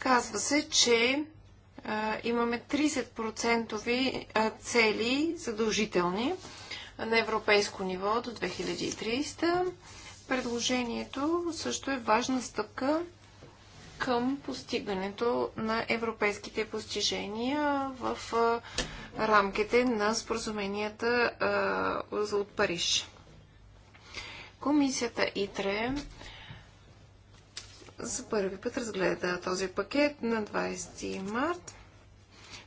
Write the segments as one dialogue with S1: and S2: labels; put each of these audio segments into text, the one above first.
S1: Казва се, че а, имаме 30% цели задължителни на европейско ниво до 2030. Предложението също е важна стъпка към постигането на европейските постижения в рамките на споразуменията от Париж. Комисията ИТРЕ за първи път разгледа този пакет на 20 март.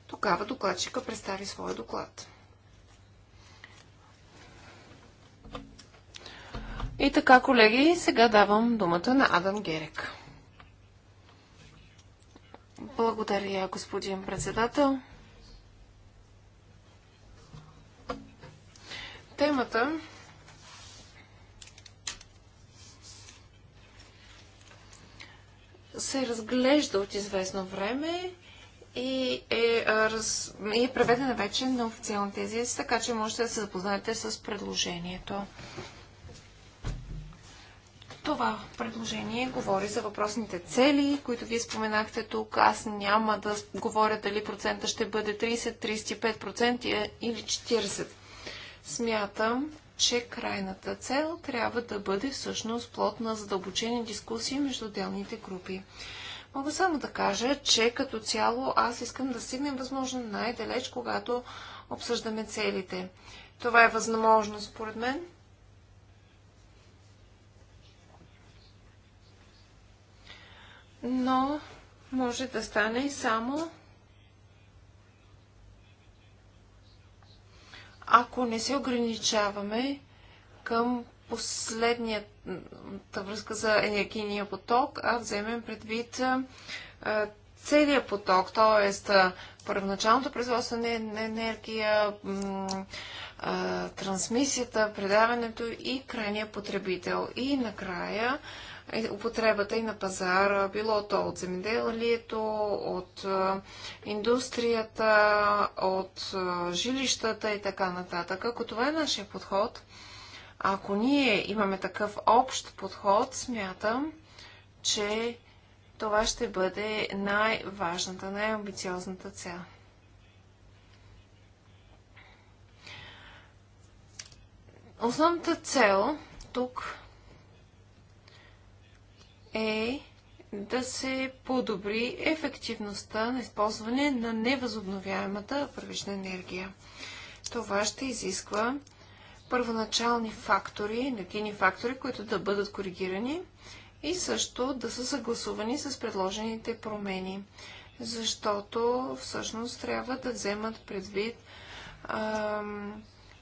S1: Тогава докладчика представи своя доклад. И така, колеги, сега давам думата на Адам Герек. Благодаря, господин председател. Темата се разглежда от известно време и е, раз, и е преведена вече на официалните езици, така че можете да се запознаете с предложението. Това предложение говори за въпросните цели, които вие споменахте тук. Аз няма да говоря дали процента ще бъде 30, 35% или 40%. Смятам, че крайната цел трябва да бъде всъщност плод на задълбочени дискусии между отделните групи. Мога само да кажа, че като цяло аз искам да стигнем възможно най-далеч, когато обсъждаме целите. Това е възможно според мен. Но може да стане и само ако не се ограничаваме към последната връзка за енергийния поток, а вземем предвид целия поток, т.е. първоначалното производство на енергия, трансмисията, предаването и крайния потребител. И накрая е, употребата и на пазара, било то от земеделието, от е, индустрията, от е, жилищата и така нататък. Ако това е нашия подход, ако ние имаме такъв общ подход, смятам, че това ще бъде най-важната, най-амбициозната цел. Основната цел тук е да се подобри ефективността на използване на невъзобновяемата първична енергия. Това ще изисква първоначални фактори, енергийни фактори, които да бъдат коригирани и също да са съгласувани с предложените промени, защото всъщност трябва да вземат предвид а,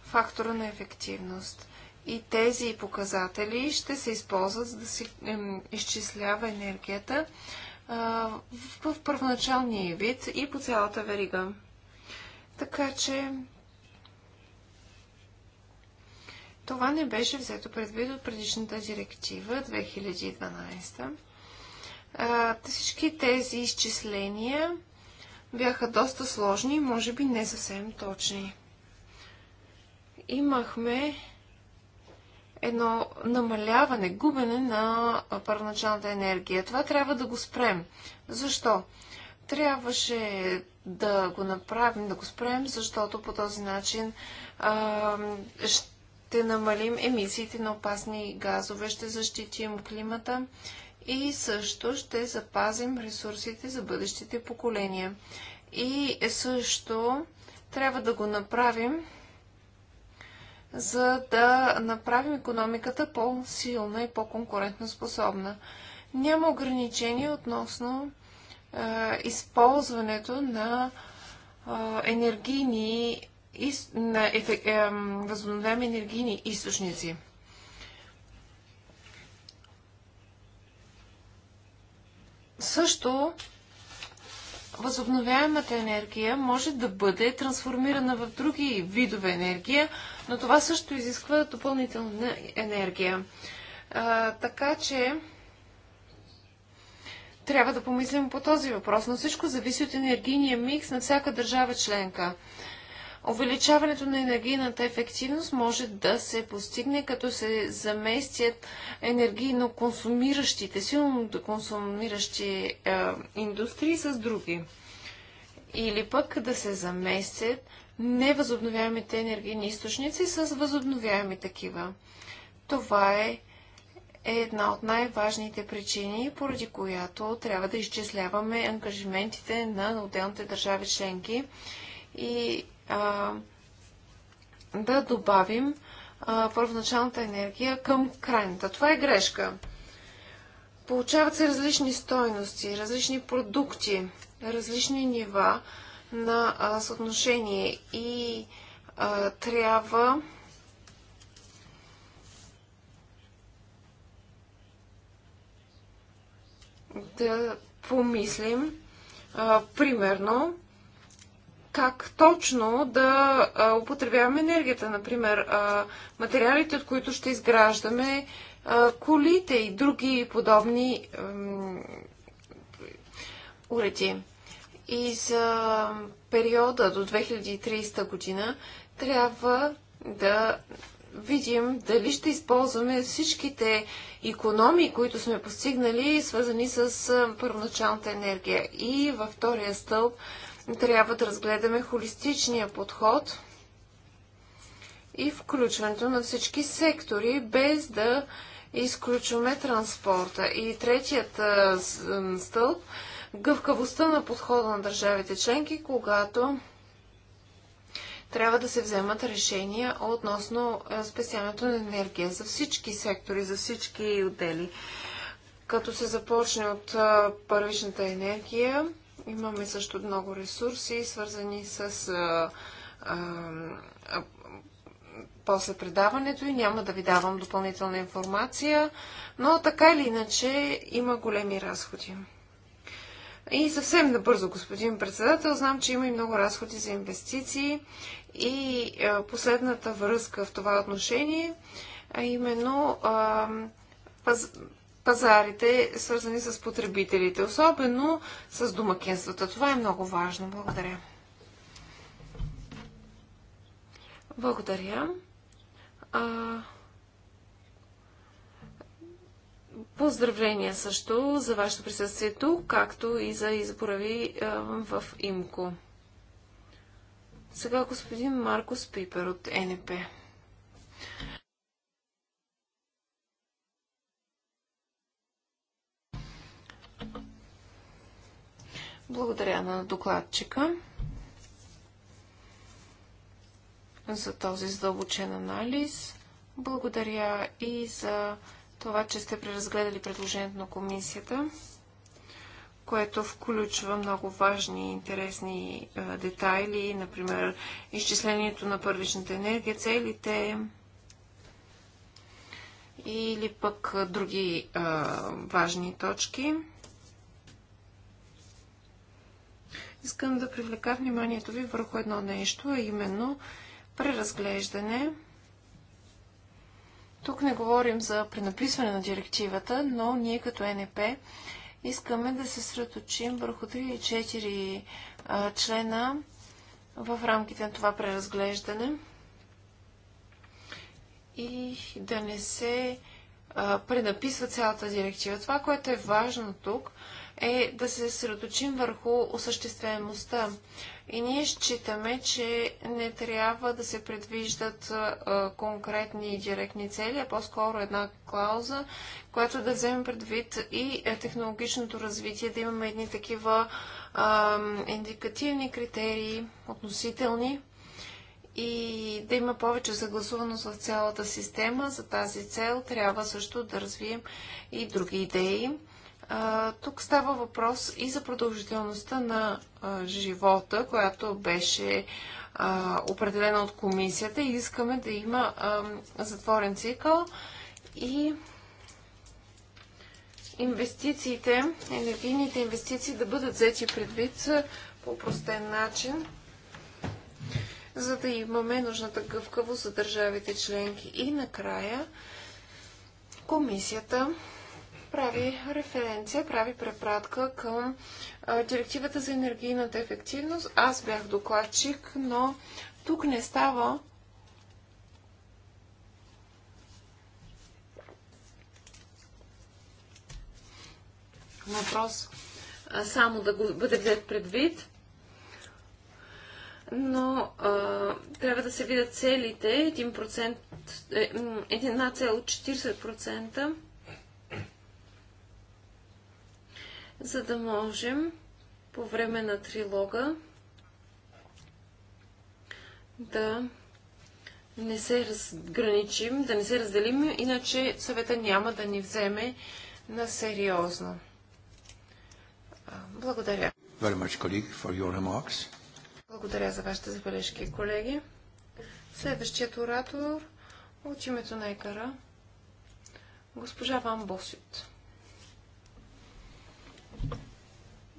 S1: фактора на ефективност. И тези показатели ще се използват за да се изчислява енергията в първоначалния вид и по цялата верига. Така че това не беше взето предвид от предишната директива 2012. всички тези изчисления бяха доста сложни и може би не съвсем точни. Имахме едно намаляване, губене на първоначалната енергия. Това трябва да го спрем. Защо? Трябваше да го направим, да го спрем, защото по този начин а, ще намалим емисиите на опасни газове, ще защитим климата и също ще запазим ресурсите за бъдещите поколения. И също трябва да го направим, за да направим економиката по-силна и по-конкурентно способна. Няма ограничения относно е, използването на е, енергийни на ефе, е, възобновяеми енергийни източници. Също възобновяемата енергия може да бъде трансформирана в други видове енергия, но това също изисква допълнителна енергия. А, така че трябва да помислим по този въпрос, но всичко зависи от енергийния микс на всяка държава членка. Увеличаването на енергийната ефективност може да се постигне, като се заместят енергийно консумиращите, силно консумиращи е, индустрии с други. Или пък да се заместят невъзобновяемите енергийни източници с възобновяеми такива. Това е е една от най-важните причини, поради която трябва да изчисляваме ангажиментите на отделните държави членки и а, да добавим а, първоначалната енергия към крайната. Това е грешка. Получават се различни стойности, различни продукти, различни нива на а, съотношение и а, трябва да помислим а, примерно как точно да употребяваме енергията. Например, материалите, от които ще изграждаме колите и други подобни уреди. И за периода до 2030 година трябва да видим дали ще използваме всичките економии, които сме постигнали, свързани с първоначалната енергия. И във втория стълб трябва да разгледаме холистичния подход и включването на всички сектори, без да изключваме транспорта. И третият стълб гъвкавостта на подхода на държавите членки, когато трябва да се вземат решения относно спестяването на енергия за всички сектори, за всички отдели. Като се започне от първичната енергия, Имаме също много ресурси, свързани с а, а, после предаването и няма да ви давам допълнителна информация, но така или иначе има големи разходи. И съвсем набързо, господин председател, знам, че има и много разходи за инвестиции и а, последната връзка в това отношение, а именно а, паз, пазарите, свързани с потребителите, особено с домакинствата. Това е много важно. Благодаря. Благодаря. А... Поздравления също за вашето присъствие тук, както и за избора ви в ИМКО. Сега господин Маркос Пипер от НП. Благодаря на докладчика за този задълбочен анализ. Благодаря и за това, че сте преразгледали предложението на комисията, което включва много важни и интересни детайли, например изчислението на първичната енергия, целите или пък други важни точки. Искам да привлека вниманието ви върху едно нещо, а именно преразглеждане. Тук не говорим за пренаписване на директивата, но ние като НП искаме да се средочим върху 3-4 члена в рамките на това преразглеждане и да не се пренаписва цялата директива. Това, което е важно тук – е да се съсредоточим върху осъществяемостта. И ние считаме, че не трябва да се предвиждат а, конкретни и директни цели, а по-скоро една клауза, която да вземе предвид и е, технологичното развитие, да имаме едни такива а, индикативни критерии, относителни и да има повече съгласуваност в цялата система. За тази цел трябва също да развием и други идеи тук става въпрос и за продължителността на живота, която беше определена от комисията и искаме да има затворен цикъл и инвестициите, енергийните инвестиции да бъдат взети предвид по простен начин, за да имаме нужната гъвкавост за държавите членки. И накрая комисията прави референция, прави препратка към директивата за енергийната ефективност. Аз бях докладчик, но тук не става въпрос само да го бъде взет предвид, но а, трябва да се видят целите. 1%, 1,40% за да можем по време на трилога да не се разграничим, да не се разделим, иначе съвета няма да ни вземе на сериозно. Благодаря.
S2: Much, colleague,
S1: Благодаря за вашите забележки, колеги. Следващият оратор от името на Екара, госпожа Ван Босют.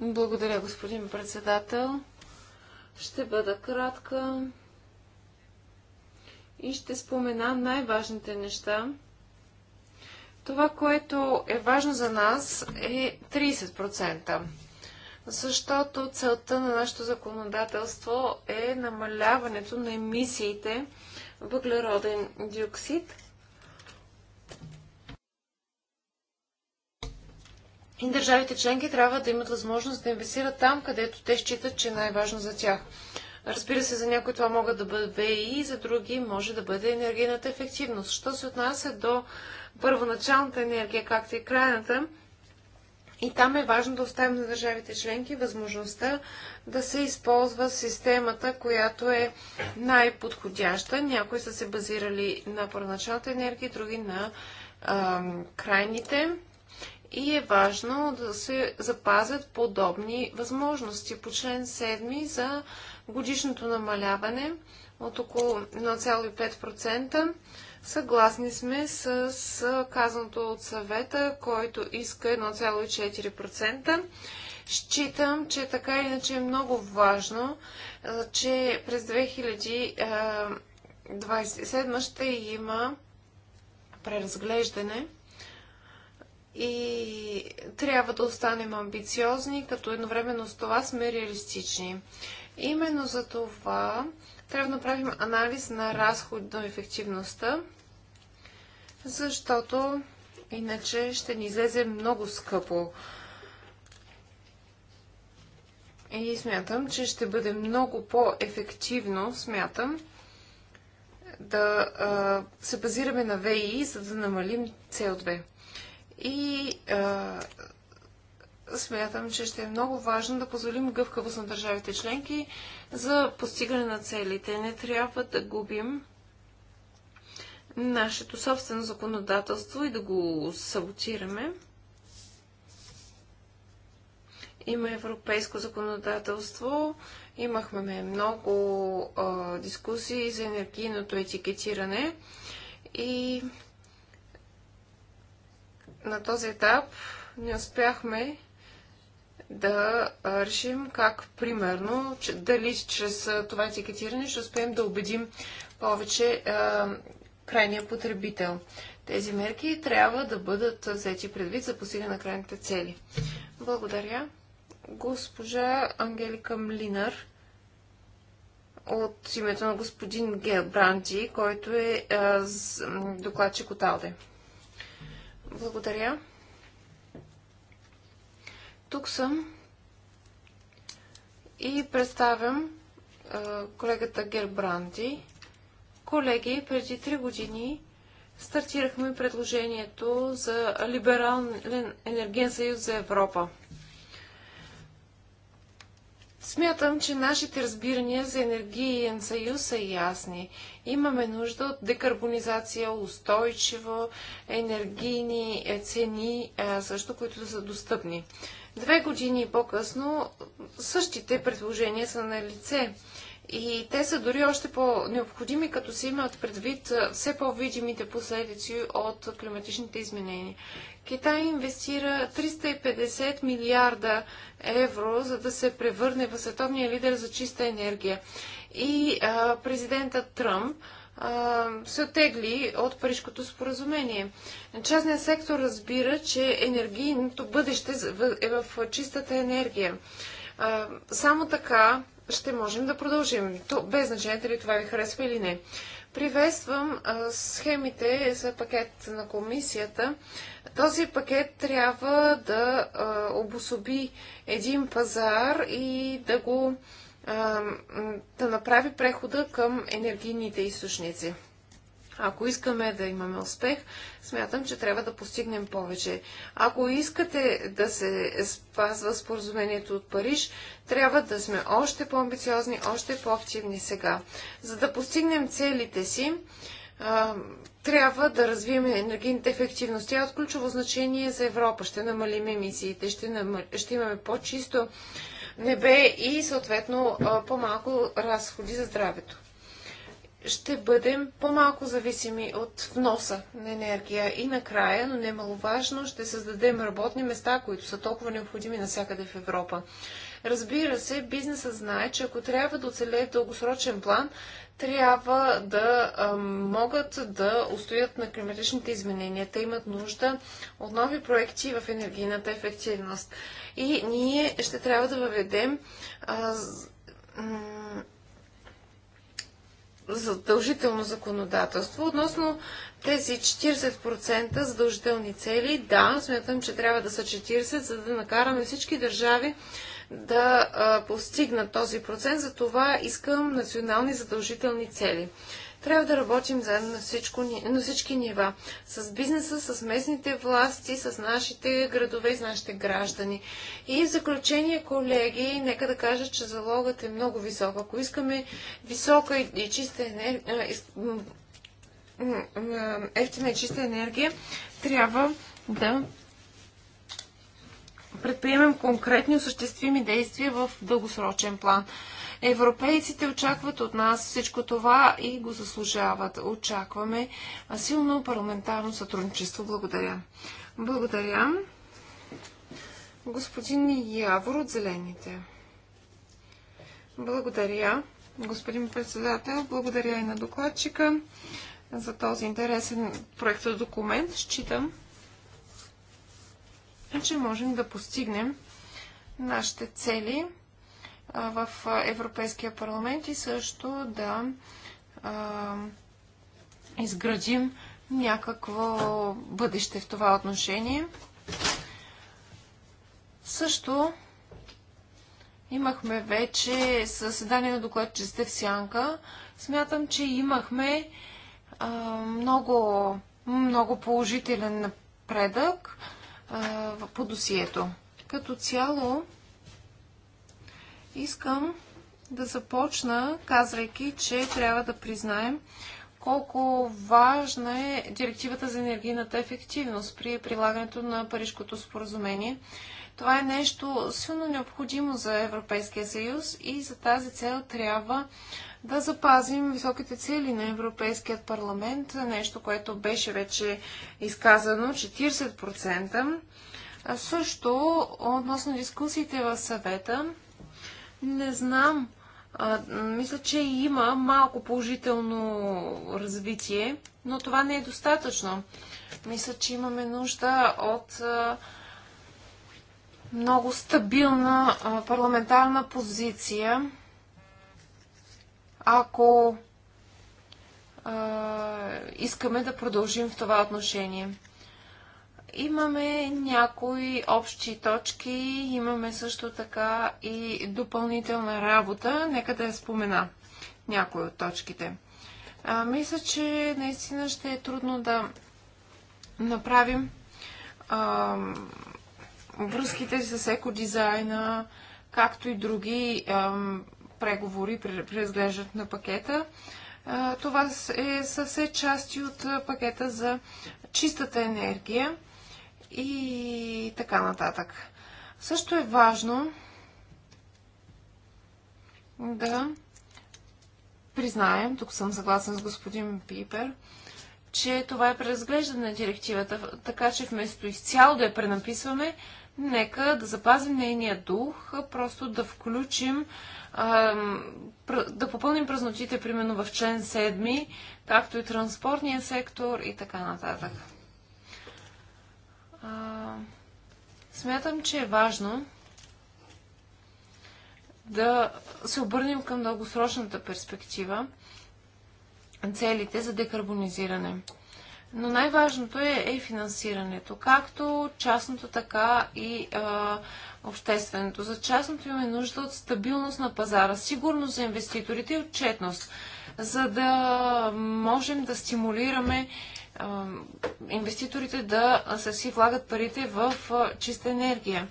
S1: Благодаря, господин председател. Ще бъда кратка и ще спомена най-важните неща. Това, което е важно за нас е 30%, защото целта на нашето законодателство е намаляването на емисиите въглероден диоксид И държавите членки трябва да имат възможност да инвестират там, където те считат, че е най-важно за тях. Разбира се, за някои това могат да бъдат ВИ, за други може да бъде енергийната ефективност. Що се отнася до първоначалната енергия, както и крайната, и там е важно да оставим на държавите членки възможността да се използва системата, която е най-подходяща. Някои са се базирали на първоначалната енергия, други на а, крайните и е важно да се запазят подобни възможности по член 7 за годишното намаляване от около 0,5%. Съгласни сме с казаното от съвета, който иска 1,4%. Считам, че така иначе е много важно, че през 2027 ще има преразглеждане и трябва да останем амбициозни, като едновременно с това сме реалистични. Именно за това трябва да направим анализ на разход на ефективността, защото иначе ще ни излезе много скъпо. И смятам, че ще бъде много по-ефективно, смятам, да а, се базираме на ВИ, за да намалим CO2 и а, смятам, че ще е много важно да позволим гъвкавост на държавите членки за постигане на целите. Не трябва да губим нашето собствено законодателство и да го саботираме. Има европейско законодателство. Имахме много а, дискусии за енергийното етикетиране и на този етап не успяхме да решим как, примерно, че, дали чрез това етикетиране ще успеем да убедим повече а, крайния потребител. Тези мерки трябва да бъдат взети предвид за постигане на крайните цели. Благодаря. Госпожа Ангелика Млинар от името на господин Гелбранти, който е а, с, докладчик от Алде. Благодаря. Тук съм и представям колегата Гербранди. Колеги, преди три години стартирахме предложението за либерален енерген съюз за Европа – Смятам, че нашите разбирания за енергиен съюз са ясни. Имаме нужда от декарбонизация, устойчиво, енергийни е, цени, също които са достъпни. Две години по-късно същите предложения са на лице. И те са дори още по-необходими, като се имат предвид все по-видимите последици от климатичните изменения. Китай инвестира 350 милиарда евро, за да се превърне в световния лидер за чиста енергия. И а, президента Тръмп се отегли от Парижкото споразумение. Частният сектор разбира, че енергийното бъдеще е в чистата енергия. само така ще можем да продължим. То, без значение дали това ви харесва или не. Приветствам схемите за пакет на комисията този пакет трябва да а, обособи един пазар и да го а, да направи прехода към енергийните източници. Ако искаме да имаме успех, смятам, че трябва да постигнем повече. Ако искате да се спазва споразумението от Париж, трябва да сме още по-амбициозни, още по-активни сега. За да постигнем целите си, трябва да развием енергийната ефективност. Тя е от ключово значение за Европа. Ще намалим емисиите, ще, намал... ще имаме по-чисто небе и съответно по-малко разходи за здравето. Ще бъдем по-малко зависими от вноса на енергия и накрая, но немаловажно, ще създадем работни места, които са толкова необходими навсякъде в Европа. Разбира се, бизнесът знае, че ако трябва да оцелее дългосрочен план, трябва да а, могат да устоят на климатичните изменения. Те имат нужда от нови проекти в енергийната ефективност. И ние ще трябва да въведем а, задължително законодателство. Относно тези 40% задължителни цели, да, смятам, че трябва да са 40, за да накараме всички държави да постигнат този процент, за това искам национални задължителни цели. Трябва да работим заедно на, всичко, на всички нива. С бизнеса, с местните власти, с нашите градове и с нашите граждани. И в заключение, колеги, нека да кажа, че залогът е много висок. Ако искаме висока и, чиста енергия, ефтина и чиста енергия, трябва да предприемем конкретни осъществими действия в дългосрочен план. Европейците очакват от нас всичко това и го заслужават. Очакваме силно парламентарно сътрудничество. Благодаря. Благодаря. Господин Явор от Зелените. Благодаря, господин председател. Благодаря и на докладчика за този интересен проект документ. Считам, че можем да постигнем нашите цели в Европейския парламент и също да а, изградим някакво бъдеще в това отношение. Също имахме вече съседание на сте в Сянка. Смятам, че имахме а, много, много положителен напредък а, по досието. Като цяло искам да започна, казвайки, че трябва да признаем колко важна е директивата за енергийната ефективност при прилагането на Парижкото споразумение. Това е нещо силно необходимо за Европейския съюз и за тази цел трябва да запазим високите цели на Европейският парламент, нещо, което беше вече изказано 40%. А също относно дискусиите в съвета, не знам, а, мисля, че има малко положително развитие, но това не е достатъчно. Мисля, че имаме нужда от а, много стабилна парламентарна позиция. Ако искаме да продължим в това отношение. Имаме някои общи точки, имаме също така и допълнителна работа. Нека да я спомена някои от точките. А, мисля, че наистина ще е трудно да направим а, връзките с екодизайна, както и други ем, преговори, преразглеждат на пакета. това е, съвсем части от пакета за чистата енергия и така нататък. Също е важно да признаем, тук съм съгласен с господин Пипер, че това е преразглеждане на директивата, така че вместо изцяло да я пренаписваме, нека да запазим нейния дух, просто да включим, да попълним празнотите, примерно в член 7, както и транспортния сектор и така нататък. Смятам, че е важно да се обърнем към дългосрочната перспектива, целите за декарбонизиране. Но най-важното е, е финансирането, както частното, така и а, общественото. За частното имаме нужда от стабилност на пазара, сигурност за инвеститорите и отчетност, за да можем да стимулираме а, инвеститорите да се си влагат парите в а, чиста енергия.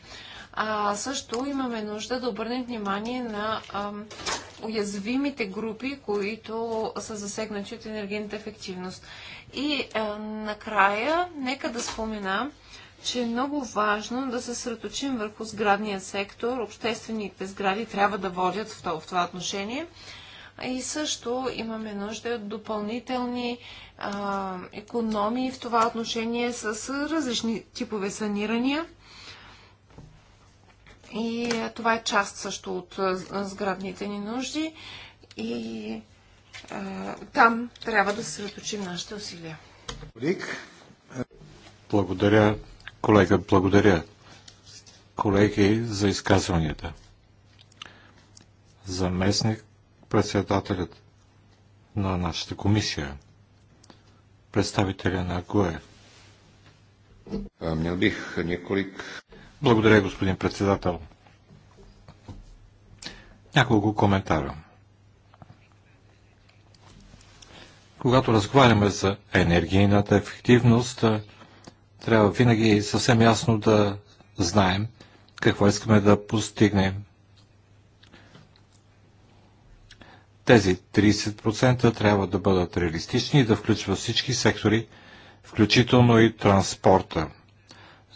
S1: А, също имаме нужда да обърнем внимание на а, уязвимите групи, които са засегнати от енергийната ефективност. И а, накрая, нека да спомена, че е много важно да се средоточим върху сградния сектор. Обществените сгради трябва да водят в това, в това отношение. И също имаме нужда от допълнителни а, економии в това отношение с различни типове санирания. И това е част също от сградните ни нужди. И там трябва да съсредоточим нашите усилия.
S2: Благодаря, колега, благодаря, колеги, за изказванията. Заместник председателят на нашата комисия, представителя на ГОЕ. Měl бих неколик. Благодаря, господин председател. Няколко коментара. Когато разговаряме за енергийната ефективност, трябва винаги съвсем ясно да знаем какво искаме да постигнем. Тези 30% трябва да бъдат реалистични и да включват всички сектори, включително и транспорта.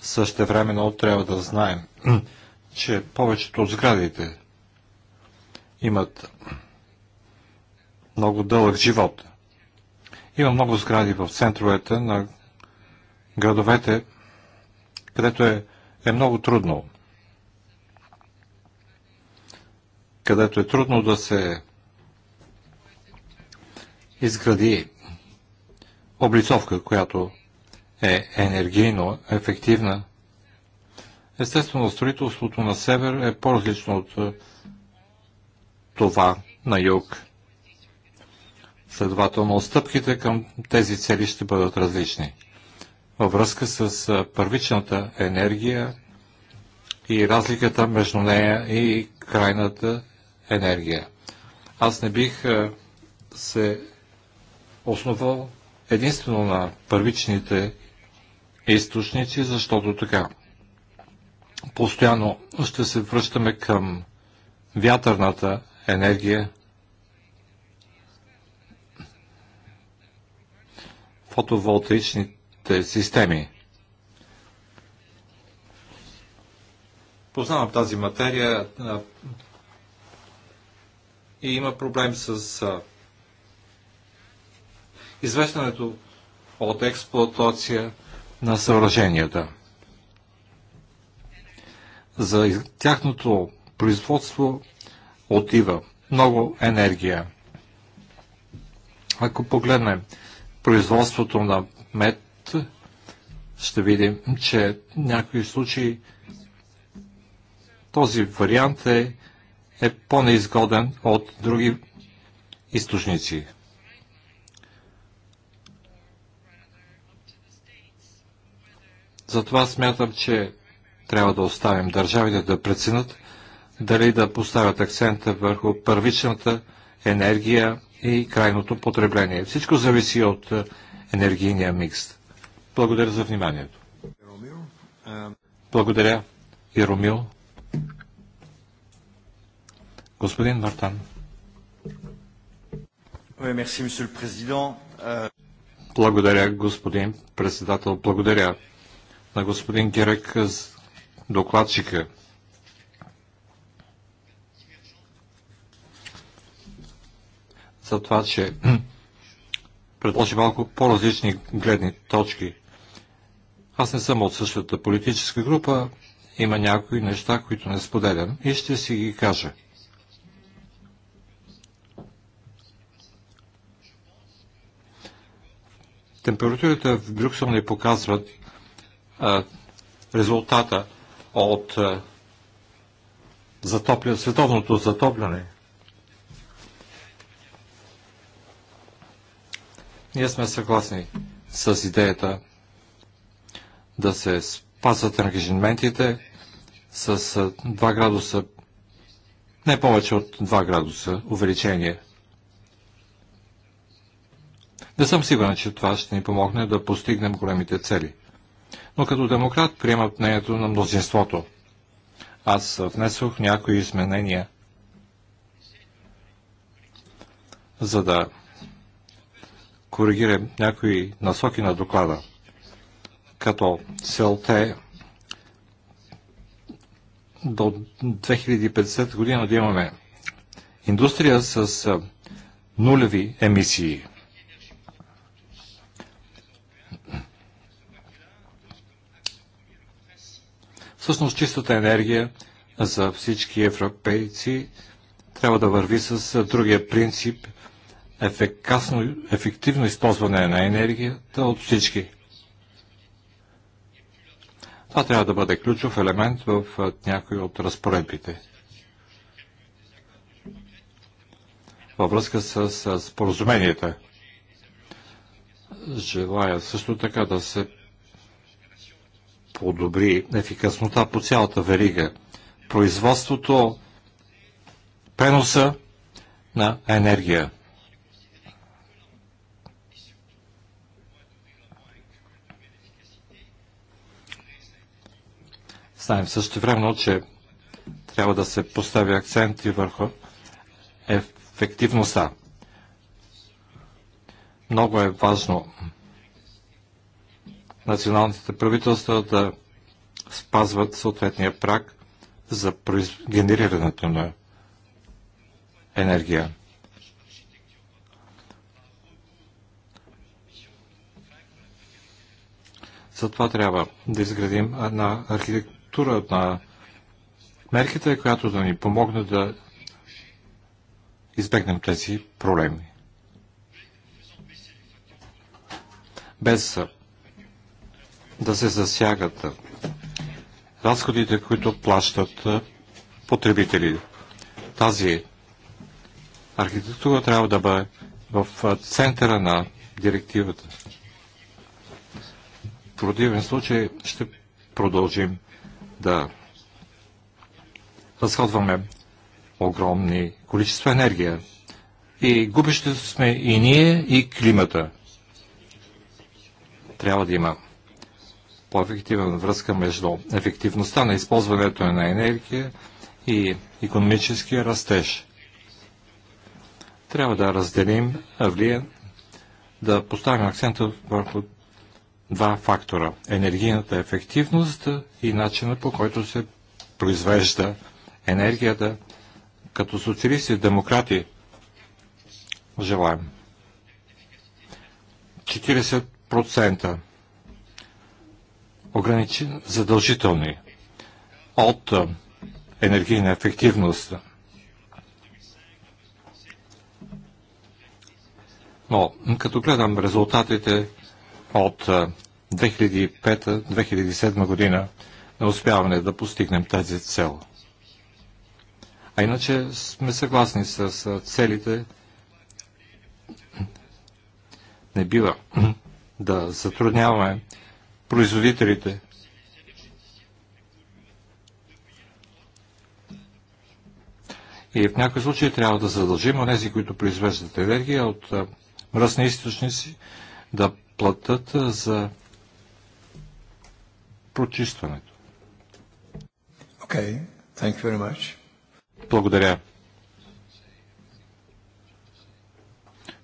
S2: Също времено трябва да знаем, че повечето от сградите имат много дълъг живот – има много сгради в центровете на градовете, където е, е много трудно. Където е трудно да се изгради облицовка, която е енергийно ефективна. Естествено, строителството на север е по-различно от е, това на юг. Следователно, стъпките към тези цели ще бъдат различни. Във връзка с първичната енергия и разликата между нея и крайната енергия. Аз не бих се основал единствено на първичните източници, защото така постоянно ще се връщаме към вятърната енергия – фотоволтаичните системи. Познавам тази материя а, и има проблем с а, от експлуатация на съоръженията. За тяхното производство отива много енергия. Ако погледнем производството на мед, ще видим, че в някои случаи този вариант е, е по-неизгоден от други източници. Затова смятам, че трябва да оставим държавите да преценят дали да поставят акцента върху първичната енергия и крайното потребление. Всичко зависи от е, енергийния микс. Благодаря за вниманието. Благодаря, Иромил. Господин Мартан. Euh, Благодаря, господин председател. Благодаря на господин Герек, докладчика за това, че предложи малко по-различни гледни точки. Аз не съм от същата политическа група, има някои неща, които не споделям и ще си ги кажа. Температурата в Брюксел не показват а, резултата от а, затопля, световното затопляне. Ние сме съгласни с идеята да се спазват ангажиментите с 2 градуса, не повече от 2 градуса увеличение. Не съм сигурен, че това ще ни помогне да постигнем големите цели. Но като демократ приемам мнението на мнозинството. Аз внесох някои изменения, за да коригира някои насоки на доклада, като целта е до 2050 година да имаме индустрия с нулеви емисии. Всъщност чистата енергия за всички европейци трябва да върви с другия принцип ефекасно, ефективно използване на енергията от всички. Това трябва да бъде ключов елемент в някои от разпоредбите. Във връзка с, с споразуменията. Желая също така да се подобри ефикасността по цялата верига. Производството, преноса на енергия. Знаем също време, че трябва да се постави акцент и върху ефективността. Много е важно националните правителства да спазват съответния прак за генерирането на енергия. Затова трябва да изградим една архитектура структура на мерките, която да ни помогне да избегнем тези проблеми. Без да се засягат разходите, които плащат потребители. Тази архитектура трябва да бъде в центъра на директивата. В противен случай ще продължим да разходваме огромни количества енергия. И губещите сме и ние, и климата. Трябва да има по-ефективна връзка между ефективността на използването на енергия и економическия растеж. Трябва да разделим влияние, да поставим акцента върху два фактора – енергийната ефективност и начина по който се произвежда енергията като социалисти и демократи желаем. 40% ограничен задължителни от енергийна ефективност. Но като гледам резултатите от 2005-2007 година на успяваме да постигнем тази цел. А иначе сме съгласни с целите. Не бива да затрудняваме производителите. И в някои случаи трябва да задължим онези, които произвеждат енергия от мръсни източници, да платът за прочистването. Okay. Thank you very much. Благодаря.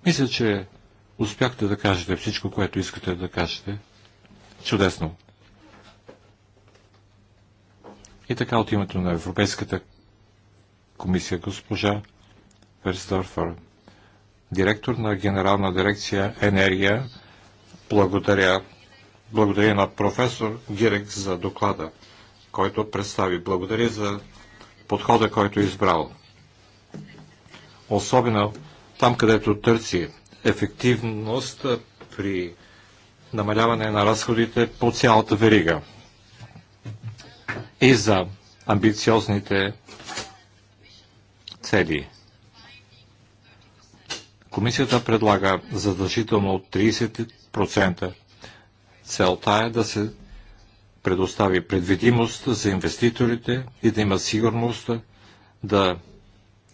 S2: Мисля, че успяхте да кажете всичко, което искате да кажете. Чудесно. И така от името на Европейската комисия госпожа Верстърфър, директор на Генерална дирекция Енергия благодаря. Благодаря на професор Гирек за доклада, който представи. Благодаря за подхода, който е избрал. Особено там, където търси ефективност при намаляване на разходите по цялата верига и за амбициозните цели. Комисията предлага задължително 30 2%. Целта е да се предостави предвидимост за инвеститорите и да има сигурност да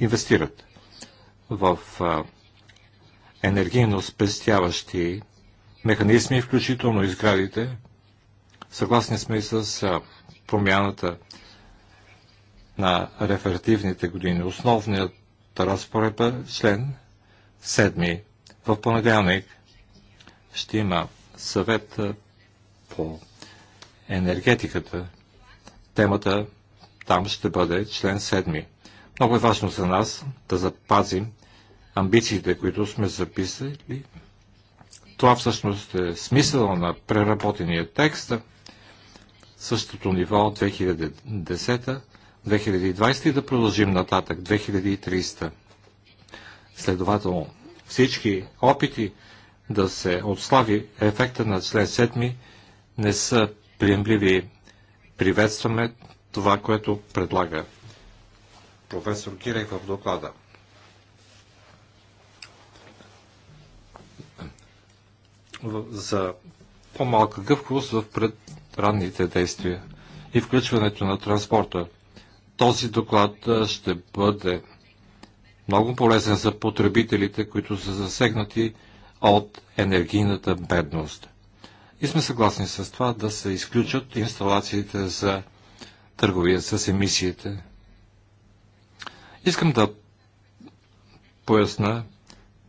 S2: инвестират в енергийно спестяващи механизми, включително и сградите. Съгласни сме и с промяната на рефертивните години. Основният разпоредба член 7 в понеделник ще има съвет по енергетиката. Темата там ще бъде член 7. Много е важно за нас да запазим амбициите, които сме записали. Това всъщност е смисъл на преработения текст. Същото ниво 2010 2020 и да продължим нататък 2300. Следователно, всички опити да се отслави ефекта на член 7 не са приемливи. Приветстваме това, което предлага професор Кирек в доклада. За по-малка гъвкавост в предранните действия и включването на транспорта. Този доклад ще бъде много полезен за потребителите, които са засегнати от енергийната бедност. И сме съгласни с това да се изключат инсталациите за търговия с емисиите. Искам да поясна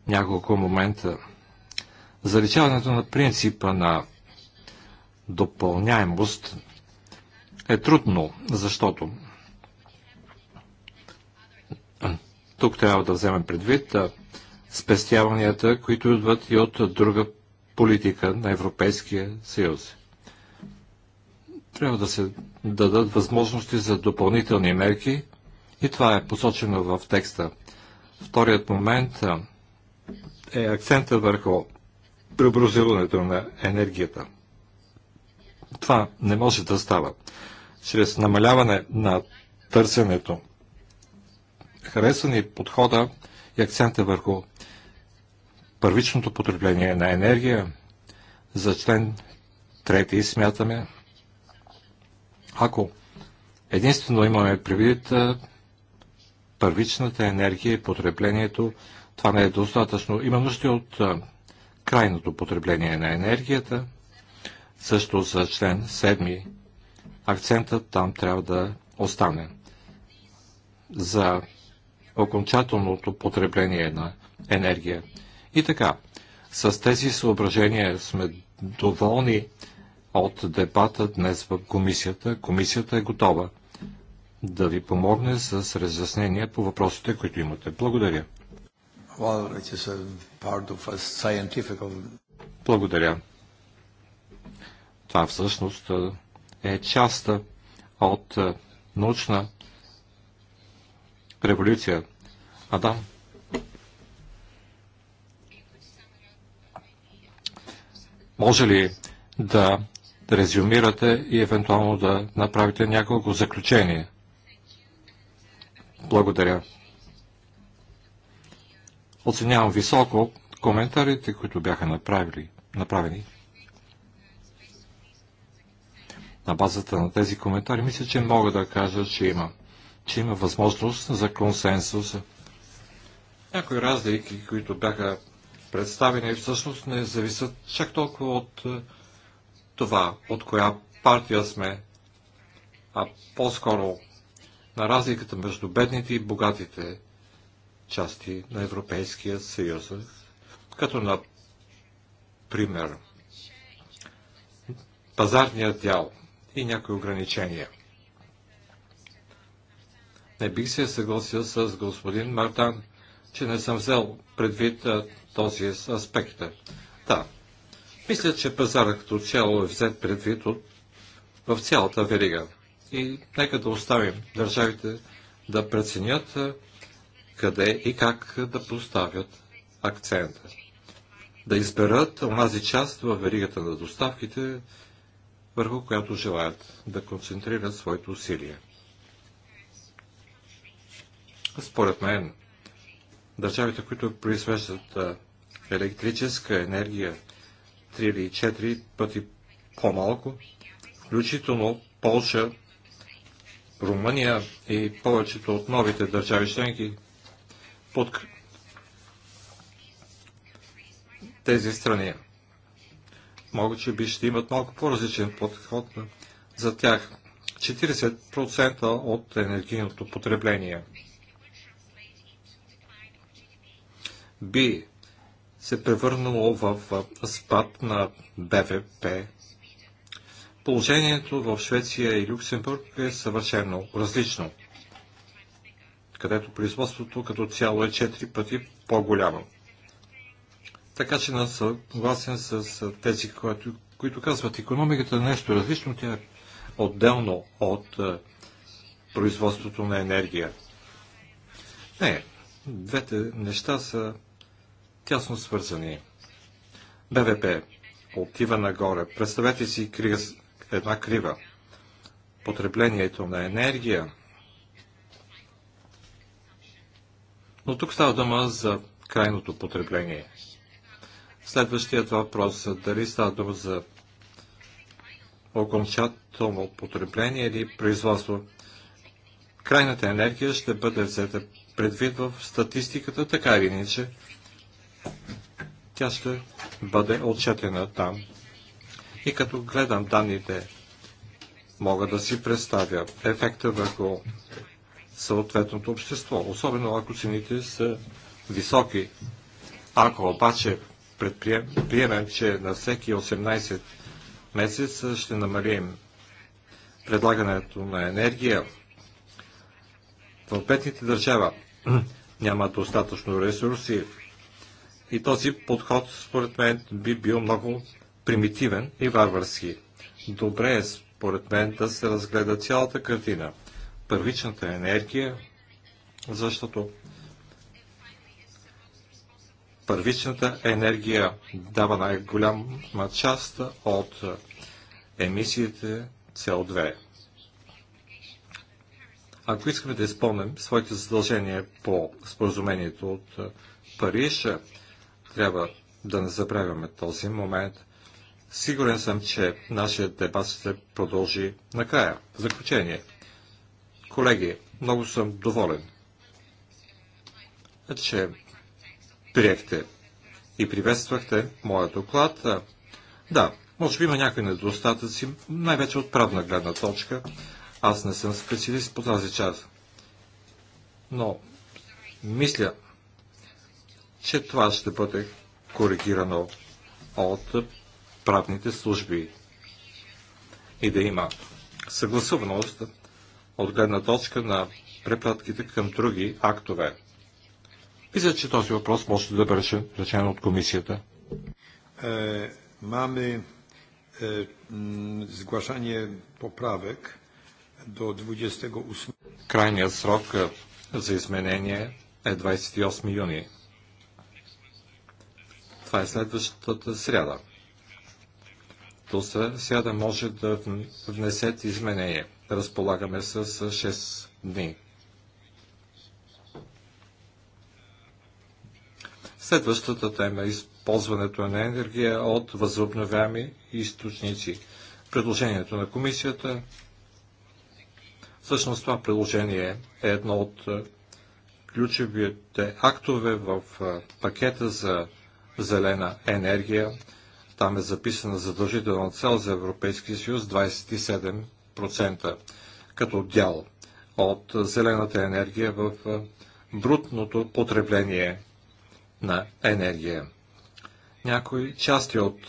S2: няколко момента. Заличаването на принципа на допълняемост е трудно, защото тук трябва да вземем предвид спестяванията, които идват и от друга политика на Европейския съюз. Трябва да се дадат възможности за допълнителни мерки и това е посочено в текста. Вторият момент е акцента върху преобразуването на енергията. Това не може да става чрез намаляване на търсенето. Хареса подхода и акцента върху първичното потребление на енергия. За член трети смятаме, ако единствено имаме предвид първичната енергия и потреблението, това не е достатъчно. Има нужда от крайното потребление на енергията. Също за член 7 акцентът там трябва да остане. За окончателното потребление на енергия. И така, с тези съображения сме доволни от дебата днес в комисията. Комисията е готова да ви помогне с разяснения по въпросите, които имате. Благодаря. Well, Благодаря. Това всъщност е част от научна революция. Адам Може ли да резюмирате и евентуално да направите няколко заключения? Благодаря. Оценявам високо коментарите, които бяха направили, направени. На базата на тези коментари мисля, че мога да кажа, че има, че има възможност за консенсус. Някои разлики, които бяха представени, всъщност не зависят чак толкова от е, това, от коя партия сме, а по-скоро на разликата между бедните и богатите части на Европейския съюз. Като, на пример, пазарният дял и някои ограничения. Не бих се съгласил с господин Мартан, че не съм взел предвид е, този аспект. Да, мисля, че пазара като цяло е взет предвид от, в цялата верига. И нека да оставим държавите да преценят къде и как да поставят акцента. Да изберат онази част в веригата на доставките, върху която желаят да концентрират своите усилия. Според мен, Държавите, които произвеждат електрическа енергия 3 или 4 пъти по-малко, включително Полша, Румъния и повечето от новите държави членки под тези страни. Мога, че би ще имат малко по-различен подход за тях. 40% от енергийното потребление би се превърнало в спад на БВП. Положението в Швеция и Люксембург е съвършено различно, където производството като цяло е 4 пъти по-голямо. Така че не съгласен с тези, които, които казват, економиката е нещо различно, тя е отделно от производството на енергия. Не, двете неща са тясно свързани. БВП отива нагоре. Представете си криз, една крива. Потреблението на енергия. Но тук става дума за крайното потребление. Следващият въпрос е дали става дума за окончателно потребление или производство. Крайната енергия ще бъде взета предвид в статистиката, така или иначе тя ще бъде отчетена там. И като гледам данните, мога да си представя ефекта върху съответното общество, особено ако цените са високи. Ако обаче предприемем, че на всеки 18 месеца ще намалим предлагането на енергия, в бедните държава няма достатъчно ресурси и този подход, според мен, би бил много примитивен и варварски. Добре е, според мен, да се разгледа цялата картина. Първичната енергия, защото първичната енергия дава най-голяма част от емисиите CO2. Ако искаме да изпълним своите задължения по споразумението от Париж, трябва да не забравяме този момент. Сигурен съм, че нашия дебат ще продължи накрая. В заключение. Колеги, много съм доволен, че приехте и приветствахте моя доклад. Да, може би има някои недостатъци, най-вече от правна гледна точка. Аз не съм специалист по тази част. Но мисля, че това ще бъде коригирано от правните служби и да има съгласуваност от гледна точка на препратките към други актове. Мисля, че този въпрос може да бъде решен от комисията. Е, маме е, сглашание поправек до 28. Крайният срок е, за изменение е 28 юни това е следващата сряда. До сряда може да внесете изменение. Разполагаме с 6 дни. Следващата тема е използването на енергия от възобновяеми източници. Предложението на комисията. Всъщност това предложение е едно от ключовите актове в пакета за зелена енергия. Там е записана задължителна цел за Европейския съюз 27% като дял от зелената енергия в брутното потребление на енергия. Някои части от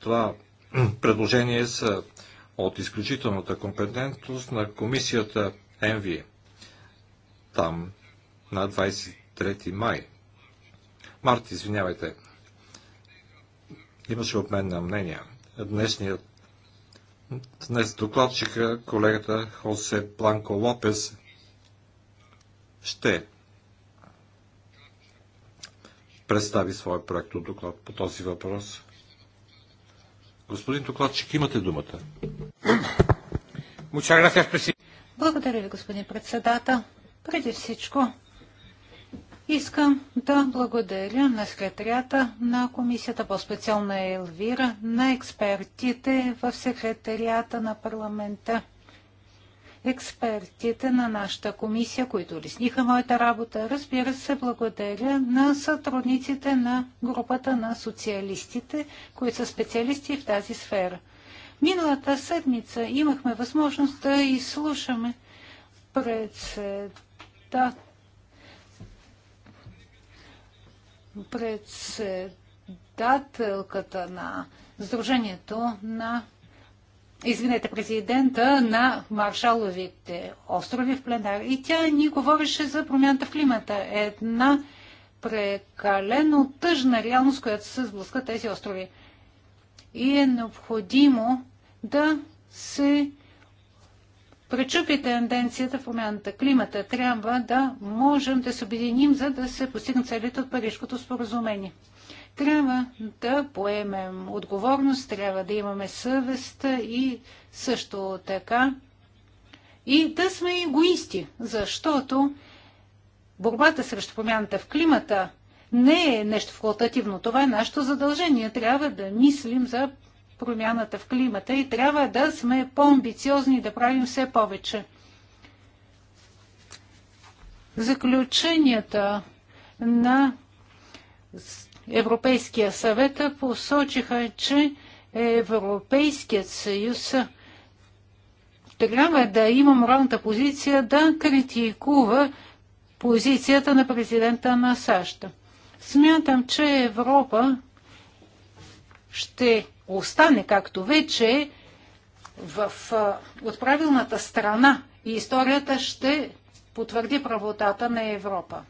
S2: това предложение са от изключителната компетентност на комисията ЕНВИ. Там на 23 май март, извинявайте, имаше обмен на мнения. Днешният Днес докладчика колегата Хосе Планко Лопес ще представи своя проект от доклад по този въпрос. Господин докладчик, имате думата.
S3: Благодаря ви, господин председател. Преди всичко, Искам да благодаря на секретарията на комисията, по специална на Елвира, на експертите в секретарията на парламента, експертите на нашата комисия, които лесниха моята работа. Разбира се, благодаря на сътрудниците на групата на социалистите, които са специалисти в тази сфера. Миналата седмица имахме възможност да изслушаме председател председателката на Сдружението на извинете, президента на Маршаловите острови в пленар. И тя ни говореше за промяната в климата. Една прекалено тъжна реалност, която се сблъска тези острови. И е необходимо да се пречупи тенденцията в промяната климата. Трябва да можем да се объединим, за да се постигнат целите от Парижкото споразумение. Трябва да поемем отговорност, трябва да имаме съвест и също така и да сме егоисти, защото борбата срещу промяната в климата не е нещо факултативно. Това е нашето задължение. Трябва да мислим за промяната в климата и трябва да сме по-амбициозни и да правим все повече. Заключенията на Европейския съвет посочиха, че Европейският съюз трябва да има моралната позиция да критикува позицията на президента на САЩ. Смятам, че Европа ще остане, както вече в, отправилната страна и историята ще потвърди правотата на Европа.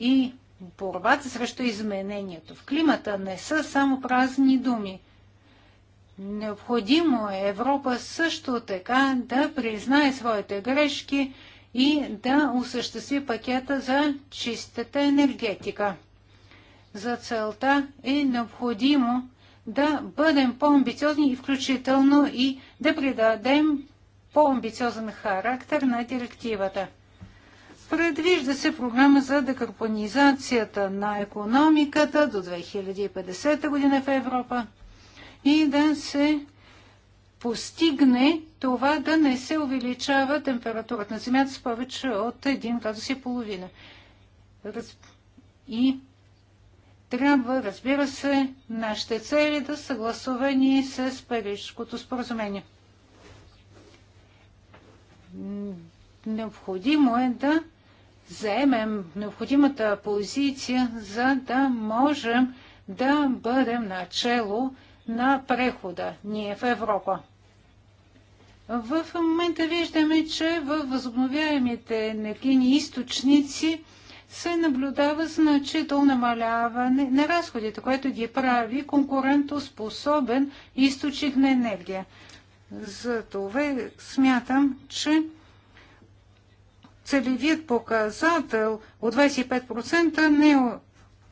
S3: И борбата срещу изменението в климата не са само празни думи. Необходимо е Европа също така да признае своите грешки и да осъществи пакета за чистата енергетика. За целта е необходимо да бъдем по-амбициозни и включително и да придадем по-амбициозен характер на директивата. Предвижда се програма за декарбонизацията на економиката до 2050 година в Европа и да се постигне това да не се увеличава температурата на Земята с повече от 1 градус и половина. И трябва, разбира се, нашите цели да са гласувани с Парижското споразумение. Необходимо е да заемем необходимата позиция, за да можем да бъдем начало на прехода ние в Европа. В момента виждаме, че във възобновяемите енергийни източници се наблюдава значително намаляване на разходите, което ги прави конкурентоспособен източник на енергия. Затова смятам, че целевият показател от 25% не е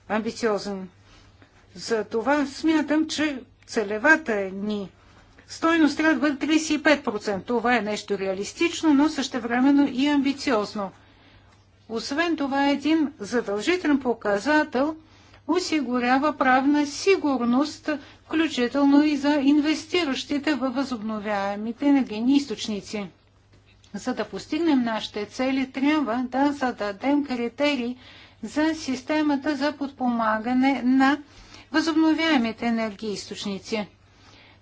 S3: амбициозен. Затова смятам, че целевата е ни стойност трябва да бъде 35%. Това е нещо реалистично, но същевременно и амбициозно. Освен това, един задължителен показател осигурява правна сигурност, включително и за инвестиращите във възобновяемите енергийни източници. За да постигнем нашите цели, трябва да зададем критерии за системата за подпомагане на възобновяемите енергии източници.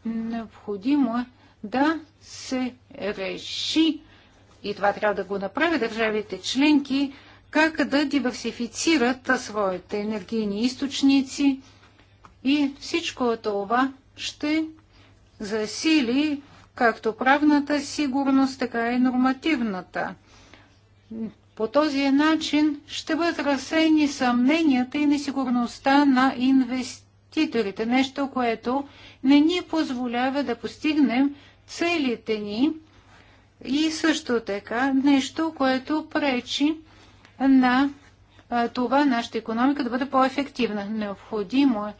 S3: Необходимо е да се реши и това трябва да го направят държавите членки, как да диверсифицират своите енергийни източници и всичко това ще засили както правната сигурност, така и нормативната. По този начин ще бъдат разсеяни съмненията и несигурността на инвеститорите, нещо, което не ни позволява да постигнем целите ни и също така нещо, което пречи на това нашата економика да бъде по-ефективна. Необходимо е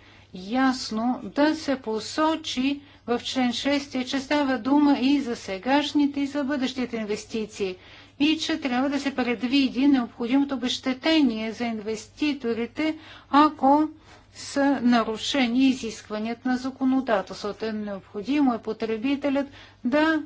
S3: ясно да се посочи в член 6, е, че става дума и за сегашните, и за бъдещите инвестиции. И че трябва да се предвиди необходимото обещетение за инвеститорите, ако са нарушени изискванията на законодателството. Необходимо е потребителят да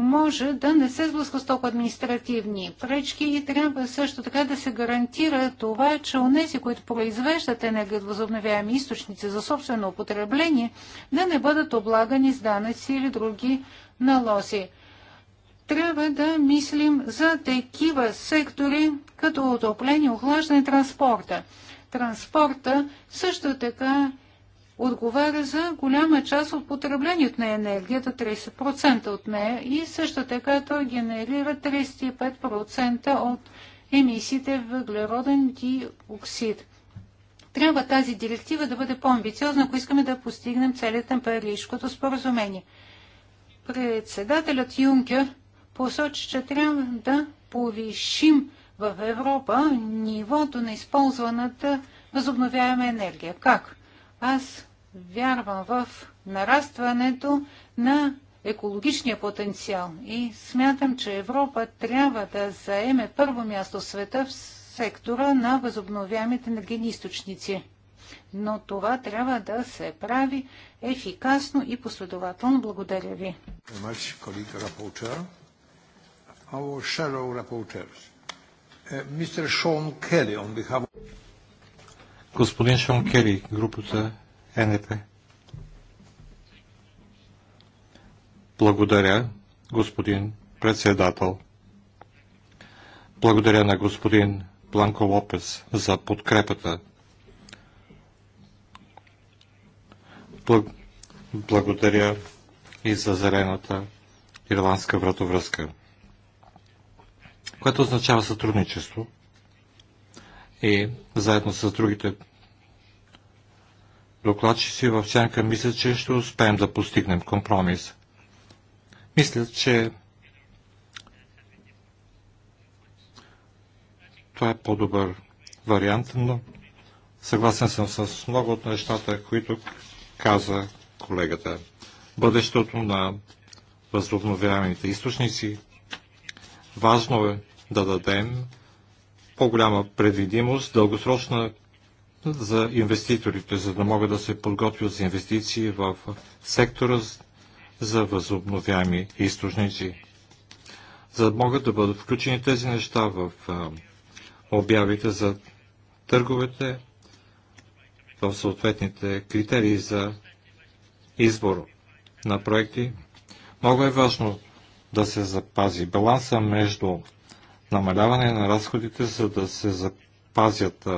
S3: може да не се сблъска с толкова административни пречки и трябва също така да се гарантира това, че онези, които произвеждат енергия от възобновяеми източници за собствено употребление, да не бъдат облагани с данъци или други налози. Трябва да мислим за такива сектори, като отопление, охлаждане, транспорта. Транспорта също така отговаря за голяма част от потреблението на енергията, 30% от нея и също така той генерира 35% от емисиите въглероден диоксид. Трябва тази директива да бъде по-амбициозна, ако искаме да постигнем целите на Парижското споразумение. Председателят Юнкер посочи, че трябва да повишим в Европа нивото на използваната възобновяема енергия. Как? Аз вярвам в нарастването на екологичния потенциал и смятам, че Европа трябва да заеме първо място в света в сектора на възобновяемите енергийни източници. Но това трябва да се прави ефикасно и последователно. Благодаря ви.
S2: Uh, Господин Шон Кери, групата НП. Благодаря, господин председател. Благодаря на господин Бланко Лопес за подкрепата. Благодаря и за зелената ирландска вратовръзка, което означава сътрудничество и заедно с другите Докладчи си в сянка мисля, че ще успеем да постигнем компромис. Мисля, че това е по-добър вариант, но съгласен съм с много от нещата, които каза колегата. Бъдещето на възобновяемите източници. Важно е да дадем по-голяма предвидимост, дългосрочна за инвеститорите, за да могат да се подготвят за инвестиции в сектора за възобновяеми източници. За да могат да бъдат включени тези неща в обявите за търговете, в съответните критерии за избор на проекти. Много е важно да се запази баланса между намаляване на разходите, за да се запазят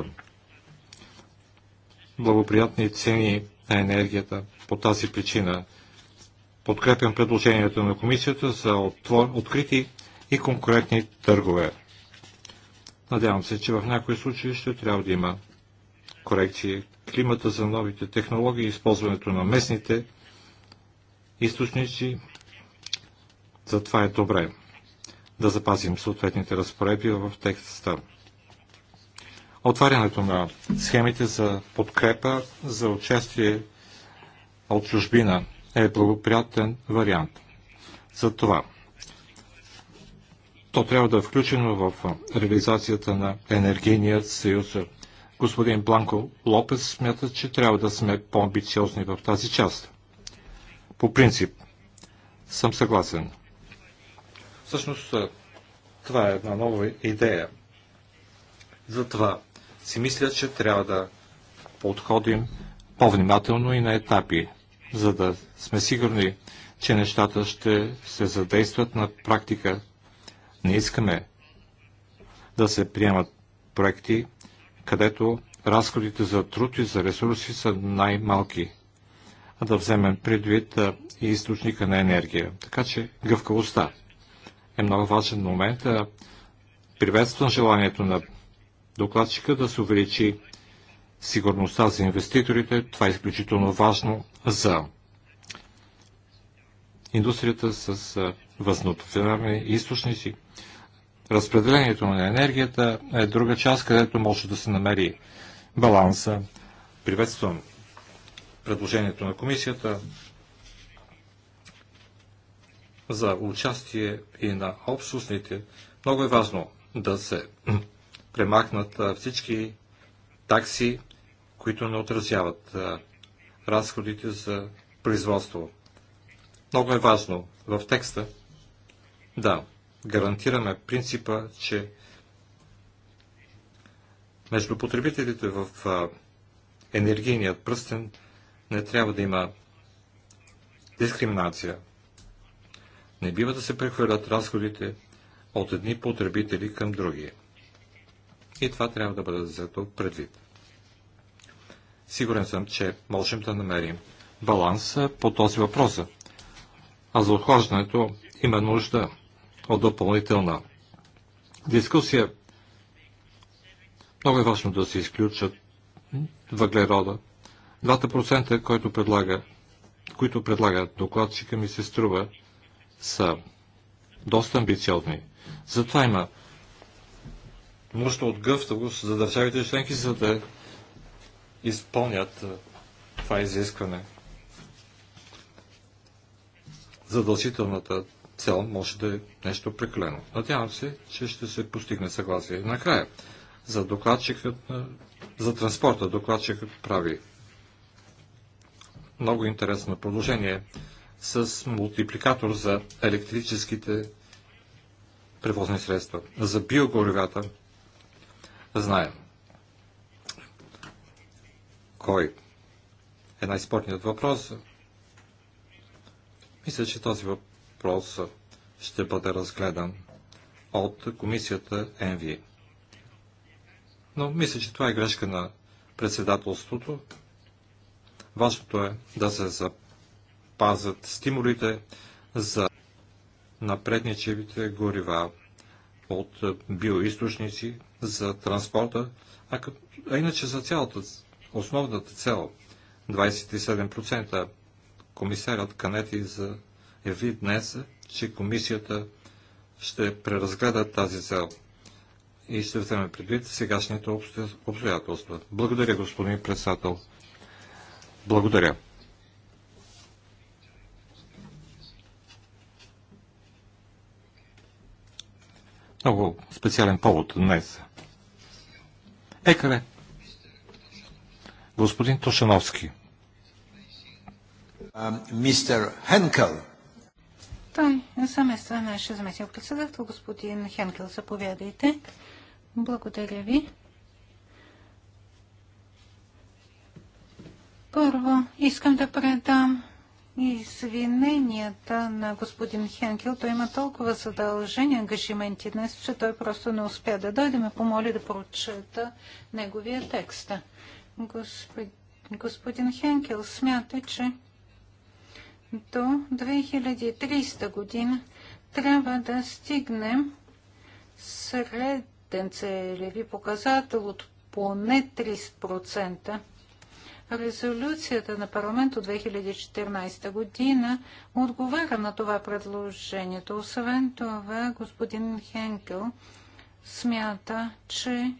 S2: благоприятни цени на енергията. По тази причина подкрепям предложението на комисията за отвор, открити и конкурентни търгове. Надявам се, че в някои случаи ще трябва да има корекции. Климата за новите технологии, използването на местните източници, затова е добре да запазим съответните разпоредби в текста отварянето на схемите за подкрепа за участие от чужбина е благоприятен вариант. За това то трябва да е включено в реализацията на енергийният съюз. Господин Бланко Лопес смята, че трябва да сме по-амбициозни в тази част. По принцип, съм съгласен. Всъщност, това е една нова идея. Затова си мисля, че трябва да подходим по-внимателно и на етапи, за да сме сигурни, че нещата ще се задействат на практика. Не искаме да се приемат проекти, където разходите за труд и за ресурси са най-малки, а да вземем предвид и източника на енергия. Така че гъвкавостта е много важен момент. Приветствам желанието на докладчика да се увеличи сигурността за инвеститорите. Това е изключително важно за индустрията с възнотофинарни източници. Разпределението на енергията е друга част, където може да се намери баланса. Приветствам предложението на комисията за участие и на общностните. Много е важно да се премахнат всички такси, които не отразяват разходите за производство. Много е важно в текста да гарантираме принципа, че между потребителите в енергийният пръстен не трябва да има дискриминация. Не бива да се прехвърлят разходите от едни потребители към други. И това трябва да бъде взето предвид. Сигурен съм, че можем да намерим баланс по този въпрос. А за охлаждането има нужда от допълнителна дискусия. Много е важно да се изключат въглерода. 2%, който предлага, които предлага докладчика ми се струва, са доста амбициозни. Затова има нужда от гъвтавост за държавите членки, за да изпълнят това изискване. Задължителната цел може да е нещо преклено. Надявам се, че ще се постигне съгласие. Накрая, за докладчикът, за транспорта докладчикът прави много интересно продължение с мултипликатор за електрическите превозни средства. За биогоревата знаем кой е най-спорният въпрос. Мисля, че този въпрос ще бъде разгледан от комисията ЕНВИ. Но мисля, че това е грешка на председателството. Важното е да се запазят стимулите за напредничевите горива от биоисточници за транспорта, а, като, а иначе за цялата основната цел 27% комисарят Канети за яви днес, че комисията ще преразгледа тази цел и ще вземе предвид сегашните обстоятелства. Благодаря, господин председател. Благодаря. много специален повод днес. Екаре, господин Тошановски. Мистер Хенкел.
S3: Той замества нашия заместил председател, господин Хенкел. Заповядайте. Благодаря ви. Първо искам да предам извиненията на господин Хенкел. Той има толкова задължения, ангажименти днес, че той просто не успя да дойде. Ме помоли да прочета неговия текст. Господин, Хенкел смята, че до 2300 година трябва да стигнем среден целеви показател от поне 30%. Резолюцията на парламент от 2014 година отговаря на това предложението. Освен това, господин Хенкел смята, че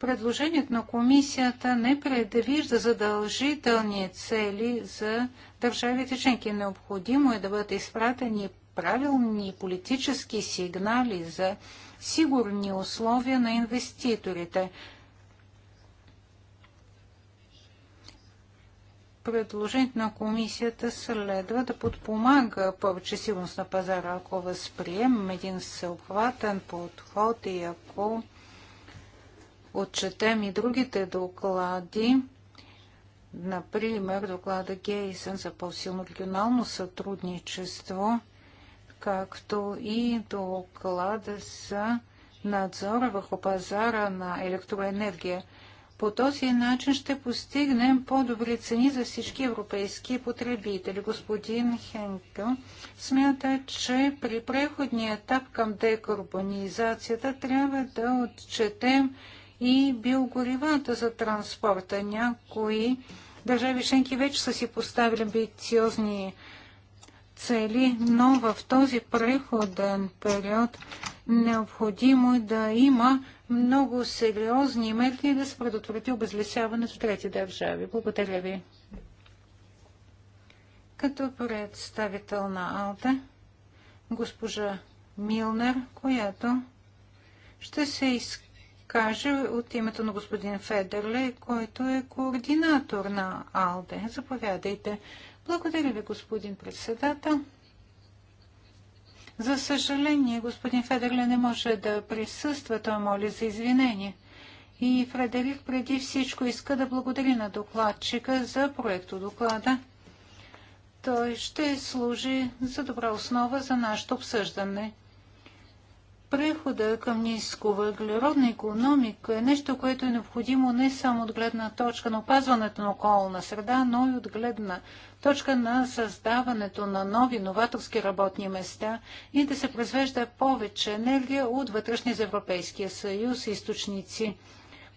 S3: предложението на комисията не предвижда задължителни цели за държавите членки. Необходимо е да бъдат изпратени правилни политически сигнали за сигурни условия на инвеститорите. предложението на комисията следва да подпомага повече сигурност на пазара, ако възприемем един всеобхватен подход и ако отчетем и другите доклади, например доклада Гейсен за по-силно регионално сътрудничество, както и доклада за надзора върху пазара на електроенергия – по този начин ще постигнем по-добри цени за всички европейски потребители. Господин Хенкел смята, че при преходния етап към декарбонизацията трябва да отчетем и биогоривата за транспорта. Някои държави членки вече са си поставили амбициозни цели, но в този преходен период необходимо е да има много сериозни мерки е да се предотврати обезлесяването в трети държави. Благодаря ви. Като представител на АЛТЕ, госпожа Милнер, която ще се изкаже от името на господин Федерле, който е координатор на АЛДЕ. Заповядайте. Благодаря ви, господин председател. За съжаление, господин Федерле не може да присъства, той моли за извинение. И Фредерик преди всичко иска да благодари на докладчика за проекто доклада. Той ще служи за добра основа за нашето обсъждане прехода към ниско въглеродна економика е нещо, което е необходимо не само от гледна точка на опазването на околна среда, но и от гледна точка на създаването на нови новаторски работни места и да се произвежда повече енергия от вътрешни за Европейския съюз източници.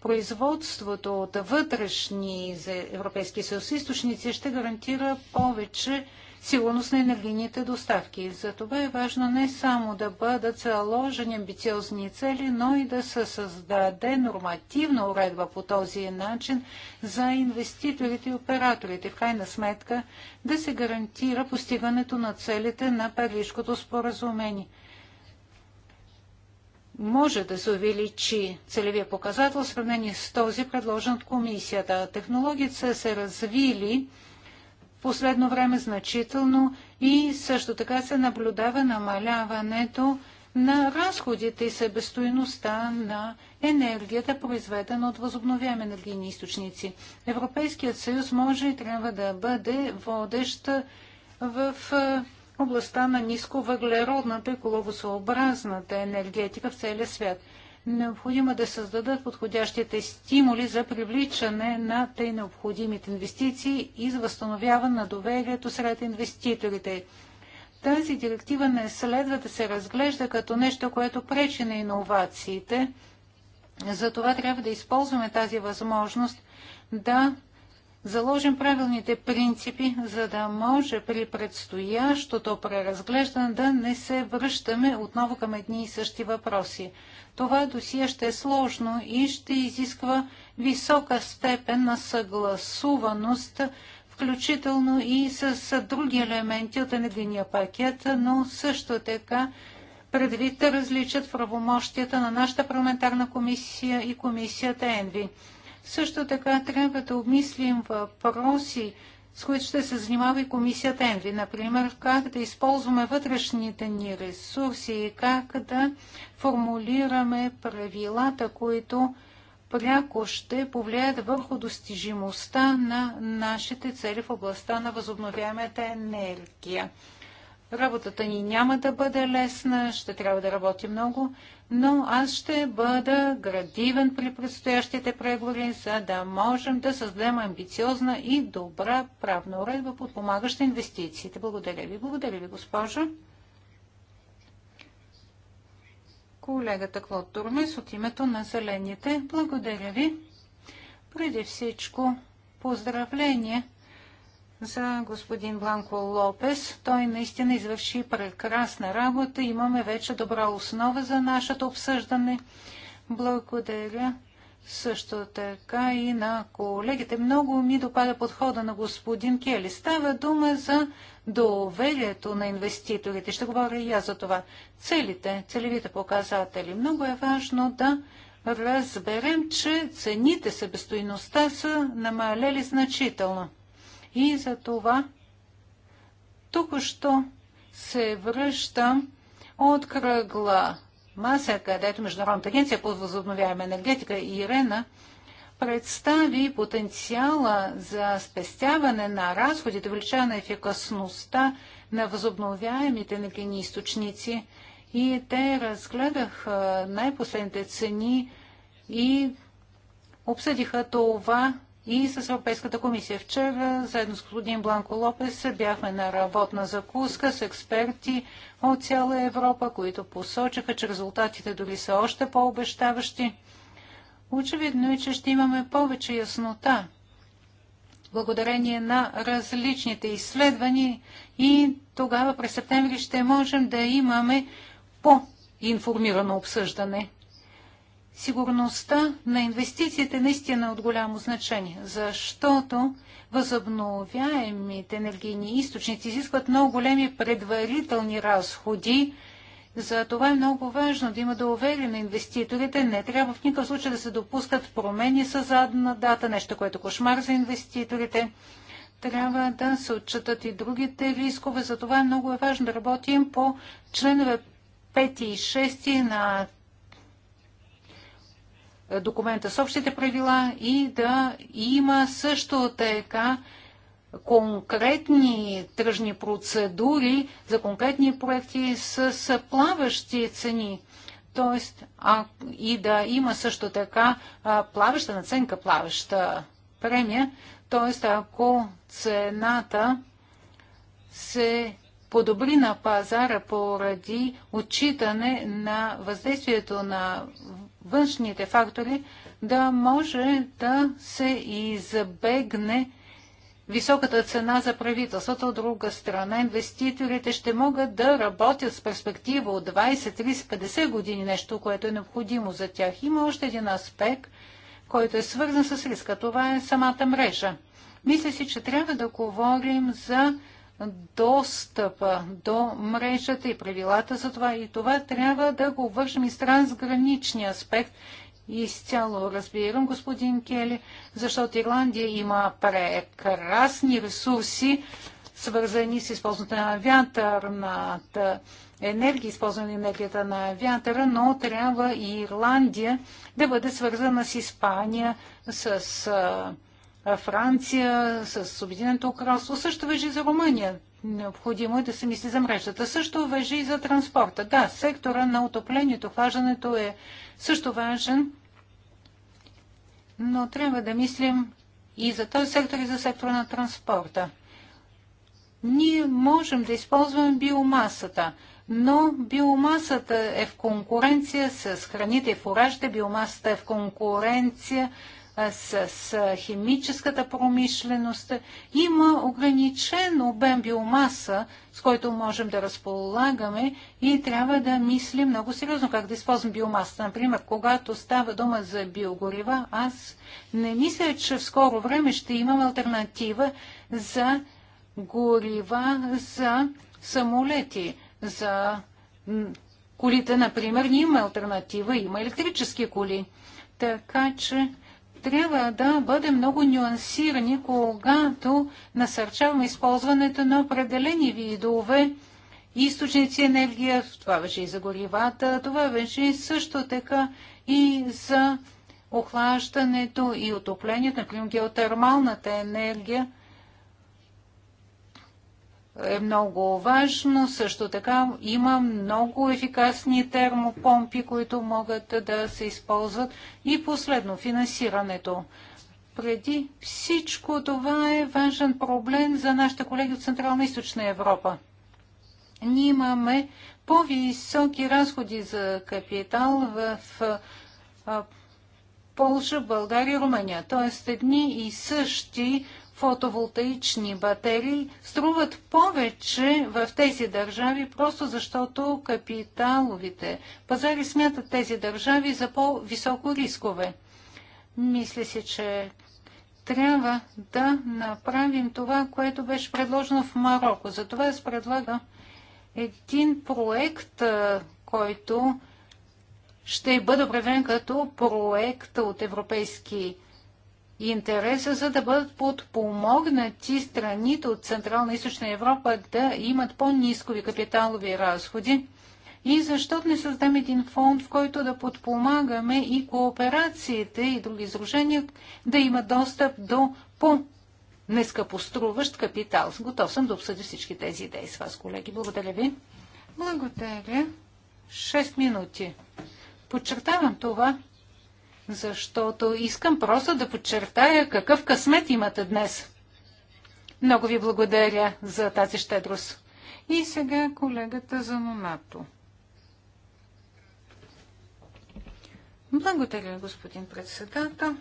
S3: Производството от вътрешни за Европейския съюз източници ще гарантира повече сигурност на енергийните доставки. За това е важно не само да бъдат заложени амбициозни цели, но и да се създаде нормативна уредба по този начин за инвеститорите и операторите. В крайна сметка да се гарантира постигането на целите на Парижкото споразумение може да се увеличи целевия показател в сравнение с този предложен от комисията. Технологията се развили последно време значително и също така се наблюдава намаляването на разходите и себестоиността на енергията, произведена от възобновяеми енергийни източници. Европейският съюз може и трябва да бъде водещ в областта на нисковъглеродната и екологосъобразната енергетика в целия свят необходимо е да създадат подходящите стимули за привличане на тъй необходимите инвестиции и за възстановяване на доверието сред инвеститорите. Тази директива не следва да се разглежда като нещо, което пречи на иновациите. Затова трябва да използваме тази възможност да заложим правилните принципи, за да може при предстоящото преразглеждане да не се връщаме отново към едни и същи въпроси това досие ще е сложно и ще изисква висока степен на съгласуваност, включително и с други елементи от енергийния пакет, но също така предвид да различат правомощията на нашата парламентарна комисия и комисията ЕНВИ. Също така трябва да обмислим въпроси, с които ще се занимава и комисията Енви. Например, как да използваме вътрешните ни ресурси и как да формулираме правилата, които пряко ще повлияят върху достижимостта на нашите цели в областта на възобновяемата енергия. Работата ни няма да бъде лесна, ще трябва да работи много, но аз ще бъда градивен при предстоящите преговори, за да можем да създадем амбициозна и добра правна уредба, подпомагаща инвестициите. Благодаря ви. Благодаря ви, госпожо. Колегата Клод Турмес от името на Зелените. Благодаря ви. Преди всичко, поздравление – за господин Бланко Лопес. Той наистина извърши прекрасна работа. Имаме вече добра основа за нашето обсъждане. Благодаря също така и на колегите. Много ми допада подхода на господин Кели. Става дума за доверието на инвеститорите. Ще говоря и аз за това. Целите, целевите показатели. Много е важно да разберем, че цените, себестойността са намалели значително. И за това тук що се връщам от кръгла маса, където Международната агенция по възобновяема енергетика и Ирена представи потенциала за спестяване на разходите, увеличаване на ефикасността на възобновяемите енергийни източници и те разгледаха най-последните цени и обсъдиха това и с Европейската комисия. Вчера, заедно с господин Бланко Лопес, бяхме на работна закуска с експерти от цяла Европа, които посочиха, че резултатите дори са още по-обещаващи. Очевидно е, че ще имаме повече яснота благодарение на различните изследвания и тогава през септември ще можем да имаме по-информирано обсъждане сигурността на инвестициите наистина е от голямо значение, защото възобновяемите енергийни източници изискват много големи предварителни разходи. За това е много важно да има доверие на инвеститорите. Не трябва в никакъв случай да се допускат промени с задна дата, нещо, което е кошмар за инвеститорите. Трябва да се отчитат и другите рискове. За това много е важно да работим по членове 5 и 6 на документа с общите правила и да има също така конкретни тръжни процедури за конкретни проекти с плаващи цени. Тоест, а, и да има също така а, плаваща наценка, плаваща премия. Тоест, ако цената се подобри на пазара поради отчитане на въздействието на външните фактори, да може да се избегне високата цена за правителството. От друга страна, инвеститорите ще могат да работят с перспектива от 20, 30, 50 години, нещо, което е необходимо за тях. Има още един аспект, който е свързан с риска. Това е самата мрежа. Мисля си, че трябва да говорим за достъпа до мрежата и правилата за това. И това трябва да го вършим и с трансграничния аспект. Изцяло разбирам, господин Кели, защото Ирландия има прекрасни ресурси, свързани с използването на вятърната енергия, използване на енергията на вятъра, но трябва и Ирландия да бъде свързана с Испания, с Франция, с Обединеното кралство. Също въжи за Румъния. Необходимо е да се мисли за мрежата. Също въжи и за транспорта. Да, сектора на отоплението, хлаждането е също важен, но трябва да мислим и за този сектор, и за сектора на транспорта. Ние можем да използваме биомасата, но биомасата е в конкуренция с храните и фуражите, биомасата е в конкуренция с, химическата промишленост. Има ограничен обем биомаса, с който можем да разполагаме и трябва да мислим много сериозно как да използвам биомаса. Например, когато става дума за биогорива, аз не мисля, че в скоро време ще имам альтернатива за горива за самолети, за колите, например, има альтернатива, има електрически коли. Така че трябва да бъдем много нюансирани, когато насърчаваме използването на определени видове източници енергия, това беше и за горивата, това беше също така и за охлаждането и отоплението, например геотермалната енергия – е много важно. Също така има много ефикасни термопомпи, които могат да се използват. И последно, финансирането. Преди всичко това е важен проблем за нашите колеги от Централна и Източна Европа. Ние имаме по-високи разходи за капитал в Полша, България и Румъния. Тоест едни и същи фотоволтаични батерии струват повече в тези държави, просто защото капиталовите пазари смятат тези държави за по-високо рискове. Мисля си, че трябва да направим това, което беше предложено в Марокко. Затова аз предлагам един проект, който ще бъде обявен като проект от Европейски интереса, за да бъдат подпомогнати страните от Централна и Източна Европа да имат по-низкови капиталови разходи. И защото не създам един фонд, в който да подпомагаме и кооперациите и други изружения да имат достъп до по нескъпоструващ капитал. Готов съм да обсъдя всички тези идеи с вас, колеги. Благодаря ви. Благодаря. Шест минути. Подчертавам това, защото искам просто да подчертая какъв късмет имате днес. Много ви благодаря за тази щедрост. И сега колегата за Нонато. Благодаря, господин председател.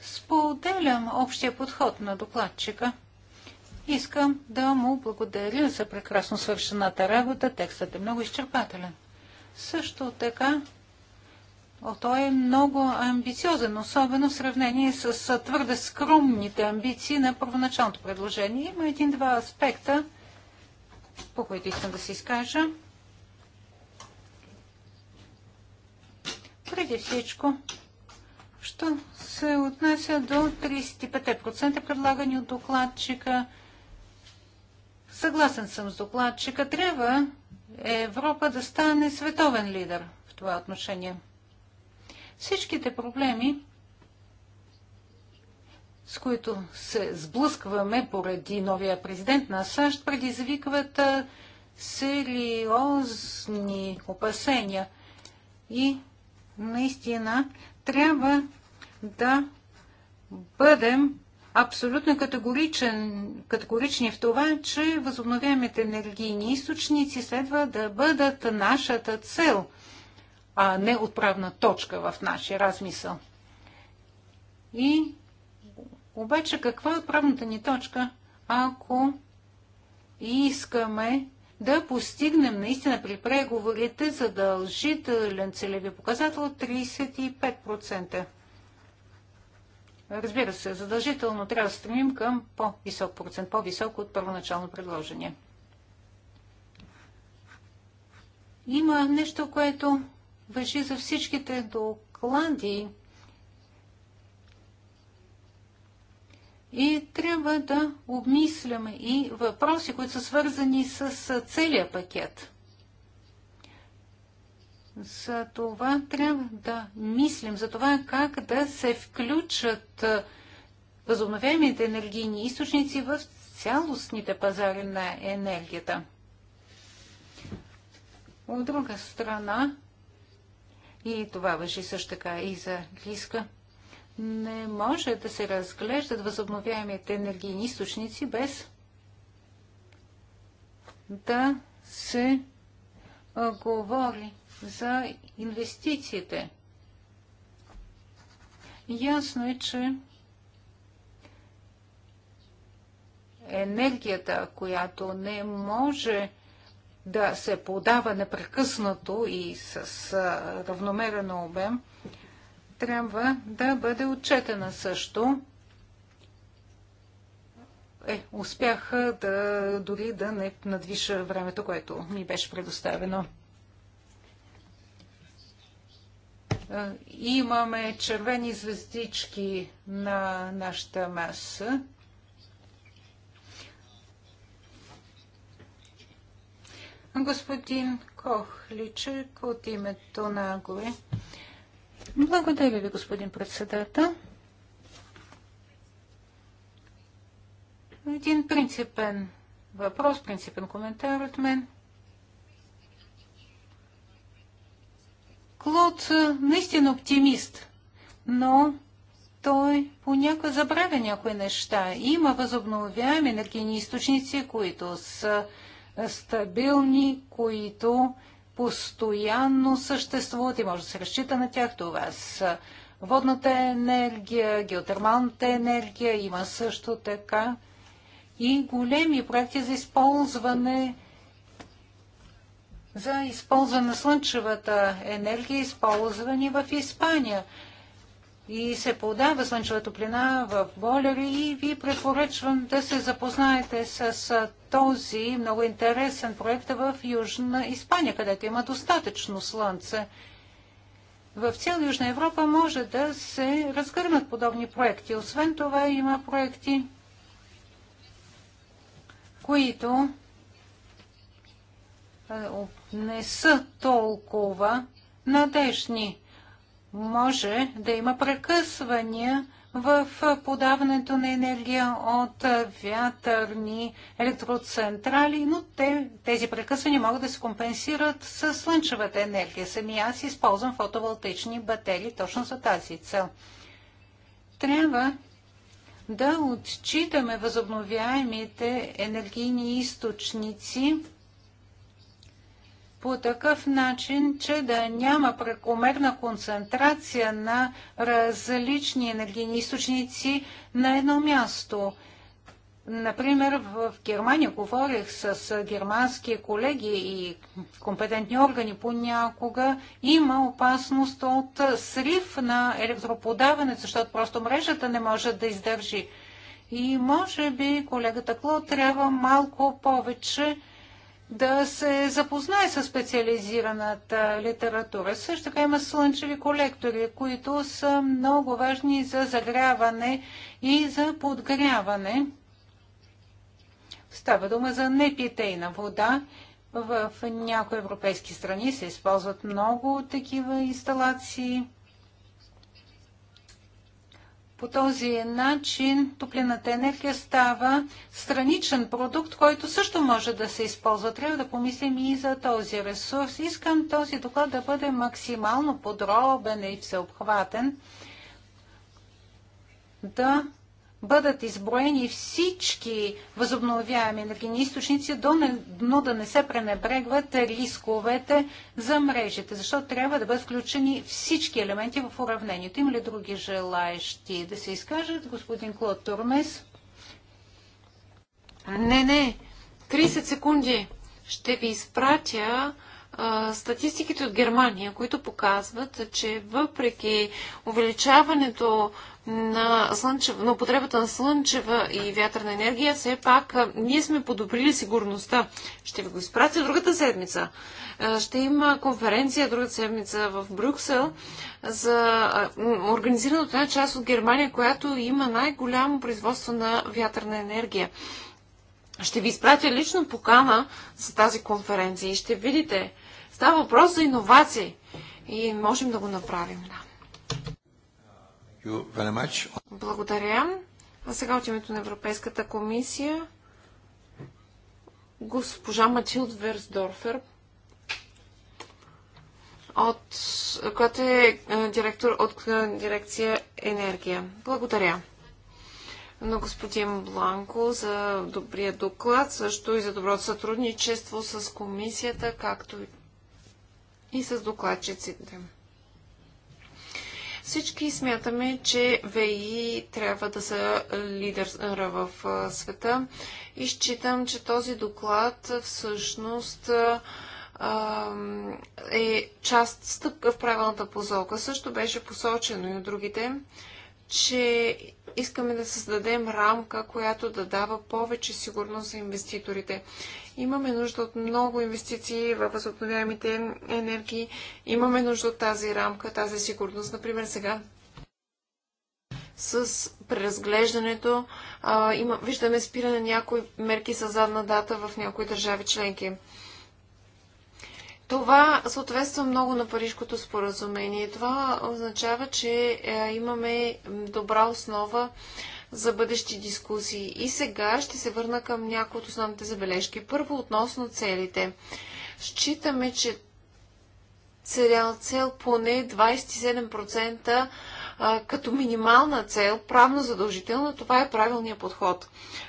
S3: Споделям общия подход на докладчика. Искам да му благодаря за прекрасно свършената работа. Текстът е много изчерпателен. Също така О, той е много амбициозен, особено в сравнение с твърде скромните амбиции на първоначалното предложение. Има един-два аспекта, по които искам да се изкажа. Преди всичко, що се отнася до 35% предлагани от докладчика. Съгласен съм с докладчика. Трябва Европа да стане световен лидер в това отношение. Всичките проблеми, с които се сблъскваме поради новия президент на САЩ, предизвикват сериозни опасения. И наистина трябва да бъдем абсолютно категоричен, категорични в това, че възобновяемите енергийни източници следва да бъдат нашата цел – а не отправна точка в нашия размисъл. И обаче каква е отправната ни точка, ако искаме да постигнем наистина при преговорите задължителен целеви показател от 35%? Разбира се, задължително трябва да стремим към по-висок процент, по-висок от първоначално предложение. Има нещо, което въжи за всичките доклади. И трябва да обмисляме и въпроси, които са свързани с целия пакет. За това трябва да мислим, за това как да се включат възобновяемите енергийни източници в цялостните пазари на енергията. От друга страна, и това въжи също така и за Лиска, не може да се разглеждат възобновяемите енергийни източници без да се говори за инвестициите. Ясно е, че енергията, която не може да се подава непрекъснато и с равномерен обем, трябва да бъде отчетена също. Е, успях да, дори да не надвиша времето, което ми беше предоставено. Имаме червени звездички на нашата маса. Господин Кохличек от името на ГОЕ. Благодаря ви, господин председател. Един принципен въпрос, принципен коментар от мен. Клод е, наистина оптимист, но той понякога забравя някои неща. Има възобновяеми енергийни източници, които са стабилни, които постоянно съществуват и може да се разчита на тях. Това са водната енергия, геотермалната енергия, има също така и големи проекти за използване за използване на слънчевата енергия, използвани в Испания и се подава слънчева топлина в бойлери и ви препоръчвам да се запознаете с този много интересен проект в Южна Испания, където има достатъчно слънце. В цяла Южна Европа може да се разгърнат подобни проекти. Освен това има проекти, които не са толкова надежни може да има прекъсвания в подаването на енергия от вятърни електроцентрали, но те, тези прекъсвания могат да се компенсират с слънчевата енергия. Сами аз използвам фотоволтични батерии точно за тази цел. Трябва да отчитаме възобновяемите енергийни източници по такъв начин, че да няма прекомерна концентрация на различни енергийни източници на едно място. Например, в Германия говорих с германски колеги и компетентни органи понякога. Има опасност от срив на електроподаване, защото просто мрежата не може да издържи. И може би колегата Кло, трябва малко повече да се запознае с специализираната литература. Също така има слънчеви колектори, които са много важни за загряване и за подгряване. Става дума за непитейна вода. В някои европейски страни се използват много такива инсталации. По този начин топлината енергия става страничен продукт, който също може да се използва. Трябва да помислим и за този ресурс. Искам този доклад да бъде максимално подробен и всеобхватен, да бъдат изброени всички възобновяеми енергийни източници, но да не се пренебрегват рисковете за мрежите, защото трябва да бъдат включени всички елементи в уравнението. Има ли други желаещи да се изкажат? Господин Клод Турмес. Не, не. 30 секунди. Ще ви изпратя статистиките от Германия,
S1: които показват, че въпреки увеличаването на, слънчев, на употребата на слънчева и вятърна енергия, все пак ние сме подобрили сигурността. Ще ви го изпратя другата седмица. Ще има конференция другата седмица в Брюксел, за, организирана от една част от Германия, която има най-голямо производство на вятърна енергия. Ще ви изпратя лично покана за тази конференция и ще видите, Става въпрос за иновации и можем да го направим. Да. Благодаря. А сега от името на Европейската комисия госпожа Матилд Версдорфер, от, която е, е директор от е, дирекция енергия. Благодаря на господин Бланко за добрия доклад, също и за доброто сътрудничество с комисията, както и и с докладчиците. Всички смятаме, че ВИ трябва да са лидера в света и считам, че този доклад всъщност е част стъпка в правилната позолка. Също беше посочено и от другите, че искаме да създадем рамка, която да дава повече сигурност за инвеститорите. Имаме нужда от много инвестиции в възобновяемите енергии. Имаме нужда от тази рамка, тази сигурност. Например, сега с преразглеждането а, има, виждаме спиране на някои мерки с задна дата в някои държави членки. Това съответства много на Парижкото споразумение. Това означава, че е, имаме добра основа за бъдещи дискусии. И сега ще се върна към някои от основните забележки. Първо, относно целите. Считаме, че цел, поне 27% като минимална цел, правно задължителна, това е правилният подход.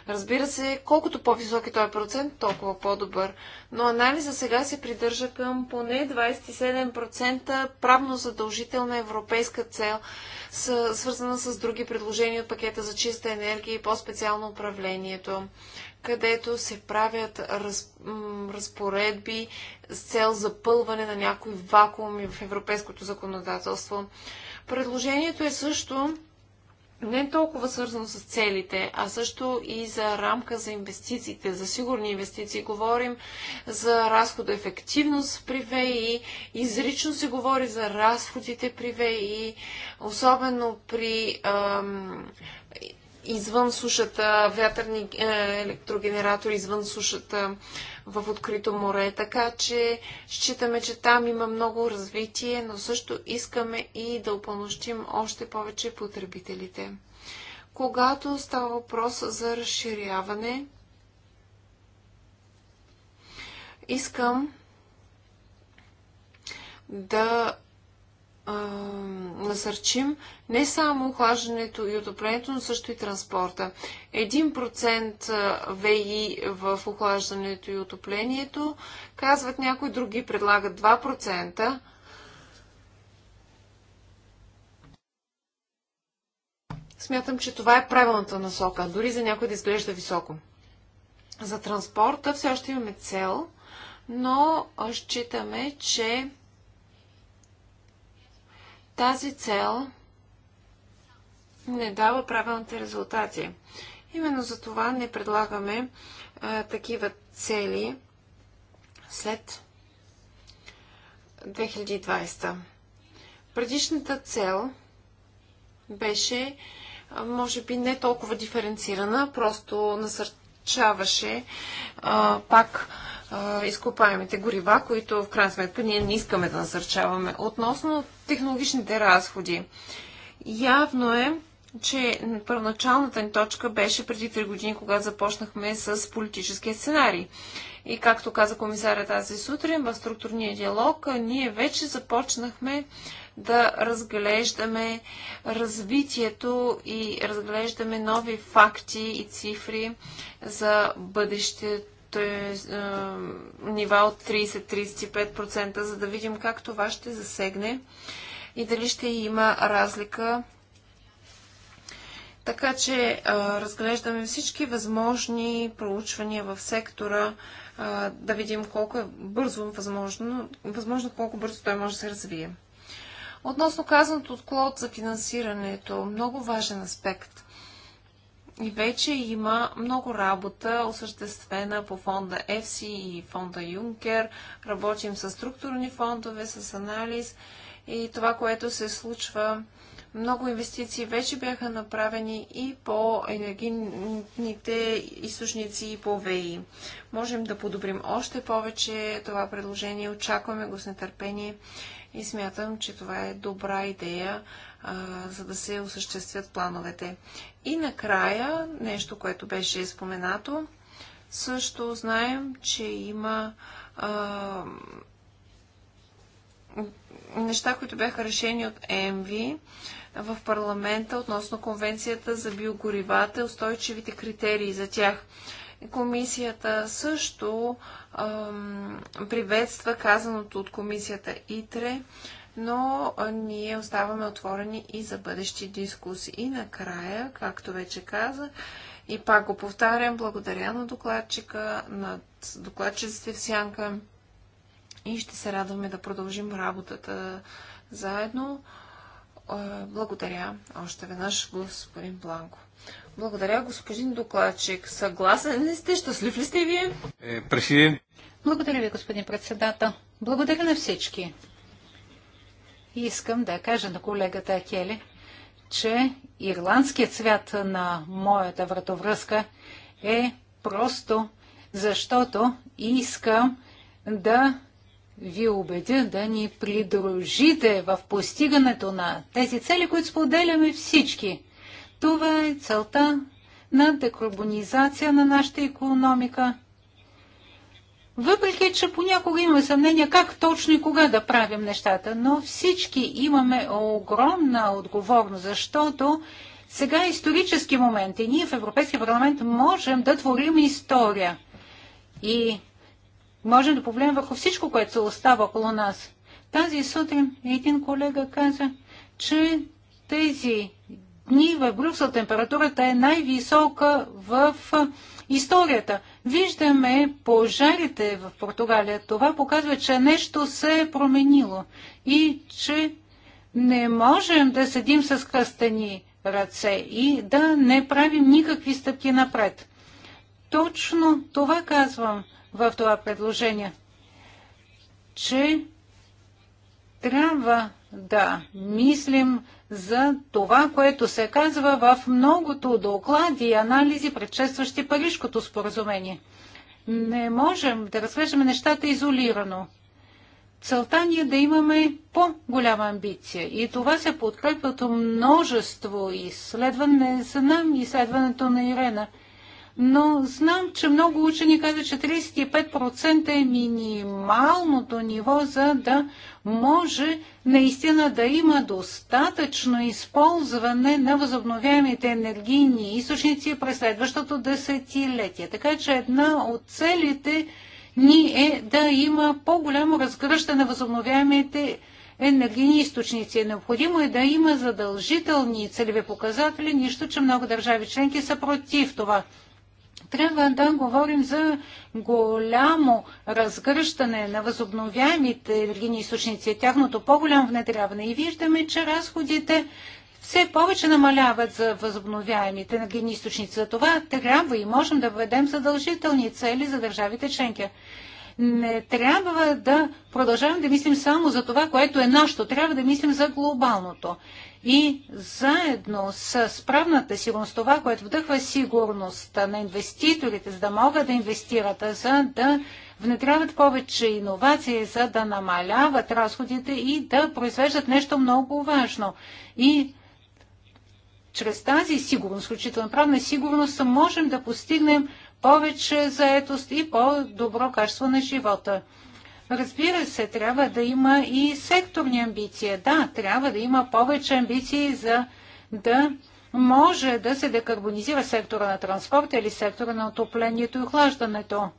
S1: Разбира се, колкото по-висок е този процент, толкова по-добър. Но анализа сега се придържа към поне 27% правно задължителна европейска цел, свързана с други предложения от пакета за чиста енергия и по-специално управлението където се правят раз, разпоредби с цел запълване на някои вакууми в европейското законодателство. Предложението е също не толкова свързано с целите, а също и за рамка за инвестициите, за сигурни инвестиции. Говорим за разходоефективност при ВИ, изрично се говори за разходите при ВИ, особено при ам, извън сушата, вятърни е, електрогенератори извън сушата, в открито море. Така че считаме, че там има много развитие, но също искаме и да опълнощим още повече потребителите. Когато става въпрос за разширяване, искам да насърчим не само охлаждането и отоплението, но също и транспорта. 1% ВИ в охлаждането и отоплението, казват някои други, предлагат 2%. Смятам, че това е правилната насока, дори за някой да изглежда високо. За транспорта все още имаме цел, но считаме, че тази цел не дава правилните резултати. Именно за това не предлагаме а, такива цели след 2020. Предишната цел беше, а, може би, не толкова диференцирана, просто насърчаваше а, пак изкопаемите горива, които в крайна сметка ние не искаме да насърчаваме. Относно технологичните разходи, явно е, че първоначалната ни точка беше преди 3 години, когато започнахме с политическия сценарий. И както каза комисаря тази сутрин, в структурния диалог ние вече започнахме да разглеждаме развитието и разглеждаме нови факти и цифри за бъдещето е, нива от 30-35%, за да видим как това ще засегне и дали ще има разлика. Така че е, разглеждаме всички възможни проучвания в сектора, е, да видим колко е бързо възможно, възможно колко бързо той може да се развие. Относно казаното от Клод за финансирането, много важен аспект – и вече има много работа, осъществена по фонда EFSI и фонда Юнкер. Работим с структурни фондове, с анализ и това, което се случва. Много инвестиции вече бяха направени и по енергийните източници и по ВИ. Можем да подобрим още повече това предложение. Очакваме го с нетърпение и смятам, че това е добра идея за да се осъществят плановете. И накрая, нещо, което беше споменато, също знаем, че има а, неща, които бяха решени от ЕМВИ в парламента относно конвенцията за биогоривата и устойчивите критерии за тях. Комисията също а, приветства казаното от комисията ИТРЕ но ние оставаме отворени и за бъдещи дискусии. И накрая, както вече каза, и пак го повтарям, благодаря на докладчика, на докладчиците в Сянка и ще се радваме да продължим работата заедно. Благодаря още веднъж, господин Бланко.
S3: Благодаря, господин докладчик. Съгласен ли сте? Щастлив ли сте вие? Е, Благодаря ви, господин председател. Благодаря на всички искам да кажа на колегата Акели, че ирландският цвят на моята вратовръзка е просто защото искам да ви убедя да ни придружите в постигането на тези цели, които споделяме всички. Това е целта на декарбонизация на нашата економика въпреки, че понякога имаме съмнение как точно и кога да правим нещата, но всички имаме огромна отговорност, защото сега е исторически момент и ние в Европейския парламент можем да творим история и можем да повлияем върху всичко, което се остава около нас. Тази сутрин един колега каза, че тези дни в Брюксел температурата е най-висока в историята. Виждаме пожарите в Португалия. Това показва, че нещо се е променило и че не можем да седим с кръстени ръце и да не правим никакви стъпки напред. Точно това казвам в това предложение, че трябва да мислим за това, което се казва в многото доклади и анализи, предшестващи Парижкото споразумение. Не можем да разглеждаме нещата изолирано. Целта ни е да имаме по-голяма амбиция. И това се подкрепва от множество изследване. Не знам изследването на Ирена – но знам, че много учени казват, че 35% е минималното ниво, за да може наистина да има достатъчно използване на възобновяемите енергийни източници през следващото десетилетие. Така че една от целите ни е да има по-голямо разгръщане на възобновяемите енергийни източници. Необходимо е да има задължителни целеви показатели, нищо, че много държави членки са против това. Трябва да говорим за голямо разгръщане на възобновяемите енергийни източници, тяхното по-голямо внедряване. И виждаме, че разходите все повече намаляват за възобновяемите енергийни източници. За това трябва и можем да въведем задължителни цели за държавите членки. Не трябва да продължаваме да мислим само за това, което е нашето. Трябва да мислим за глобалното. И заедно с правната сигурност, това, което вдъхва сигурността на инвеститорите, за да могат да инвестират, за да внедряват повече иновации, за да намаляват разходите и да произвеждат нещо много важно. И чрез тази сигурност, включително правна сигурност, можем да постигнем повече заетост и по-добро качество на живота. Разбира се, трябва да има и секторни амбиции. Да, трябва да има повече амбиции за да може да се декарбонизира сектора на транспорта или сектора на отоплението и охлаждането.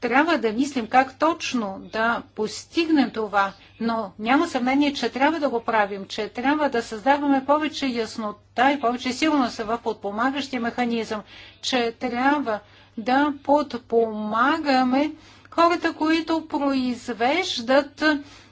S3: Трябва да мислим как точно да постигнем това, но няма съмнение, че трябва да го правим, че трябва да създаваме повече яснота и повече сигурност в подпомагащия механизъм, че трябва да подпомагаме хората, които произвеждат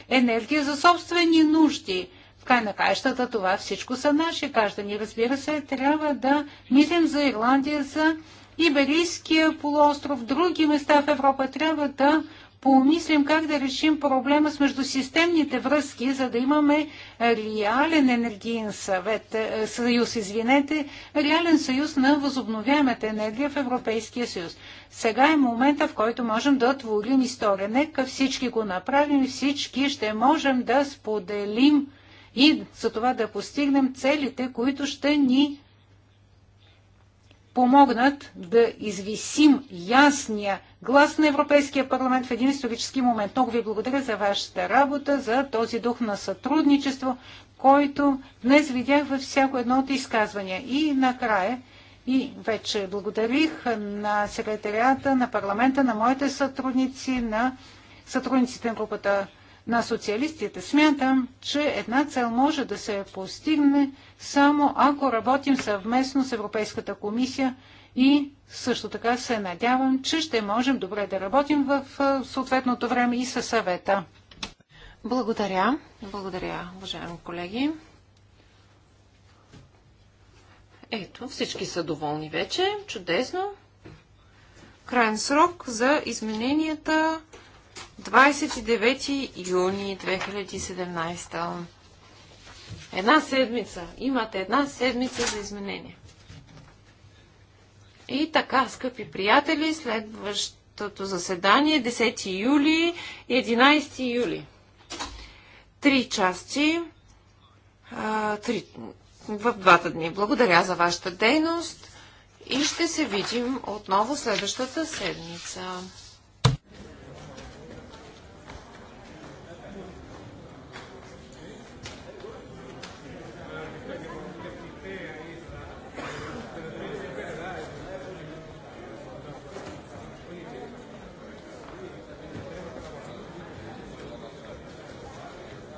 S3: енергия за собствени нужди. В край на краищата това всичко са наши граждани. Разбира се, трябва да мислим за Ирландия, за Иберийския полуостров, други места в Европа. Трябва да помислим как да решим проблема с междусистемните връзки, за да имаме реален енергиен съвет, е, съюз, извинете, реален съюз на възобновяемата енергия в Европейския съюз. Сега е момента, в който можем да творим история. Нека всички го направим, всички ще можем да споделим и за това да постигнем целите, които ще ни помогнат да извисим ясния глас на Европейския парламент в един исторически момент. Много ви благодаря за вашата работа, за този дух на сътрудничество, който днес видях във всяко едно от изказвания. И накрая, и вече благодарих на секретарията, на парламента, на моите сътрудници, на сътрудниците на групата на социалистите. Смятам, че една цел може да се постигне само ако работим съвместно с Европейската комисия и също така се надявам, че ще можем добре да работим в съответното време и със съвета. Благодаря. Благодаря, уважаеми колеги. Ето,
S1: всички са доволни вече. Чудесно. Крайен срок за измененията 29 юни 2017. Една седмица. Имате една седмица за изменение. И така, скъпи приятели, следващото заседание 10 юли и 11 юли. Три части. А, три, в двата дни. Благодаря за вашата дейност и ще се видим отново следващата седмица.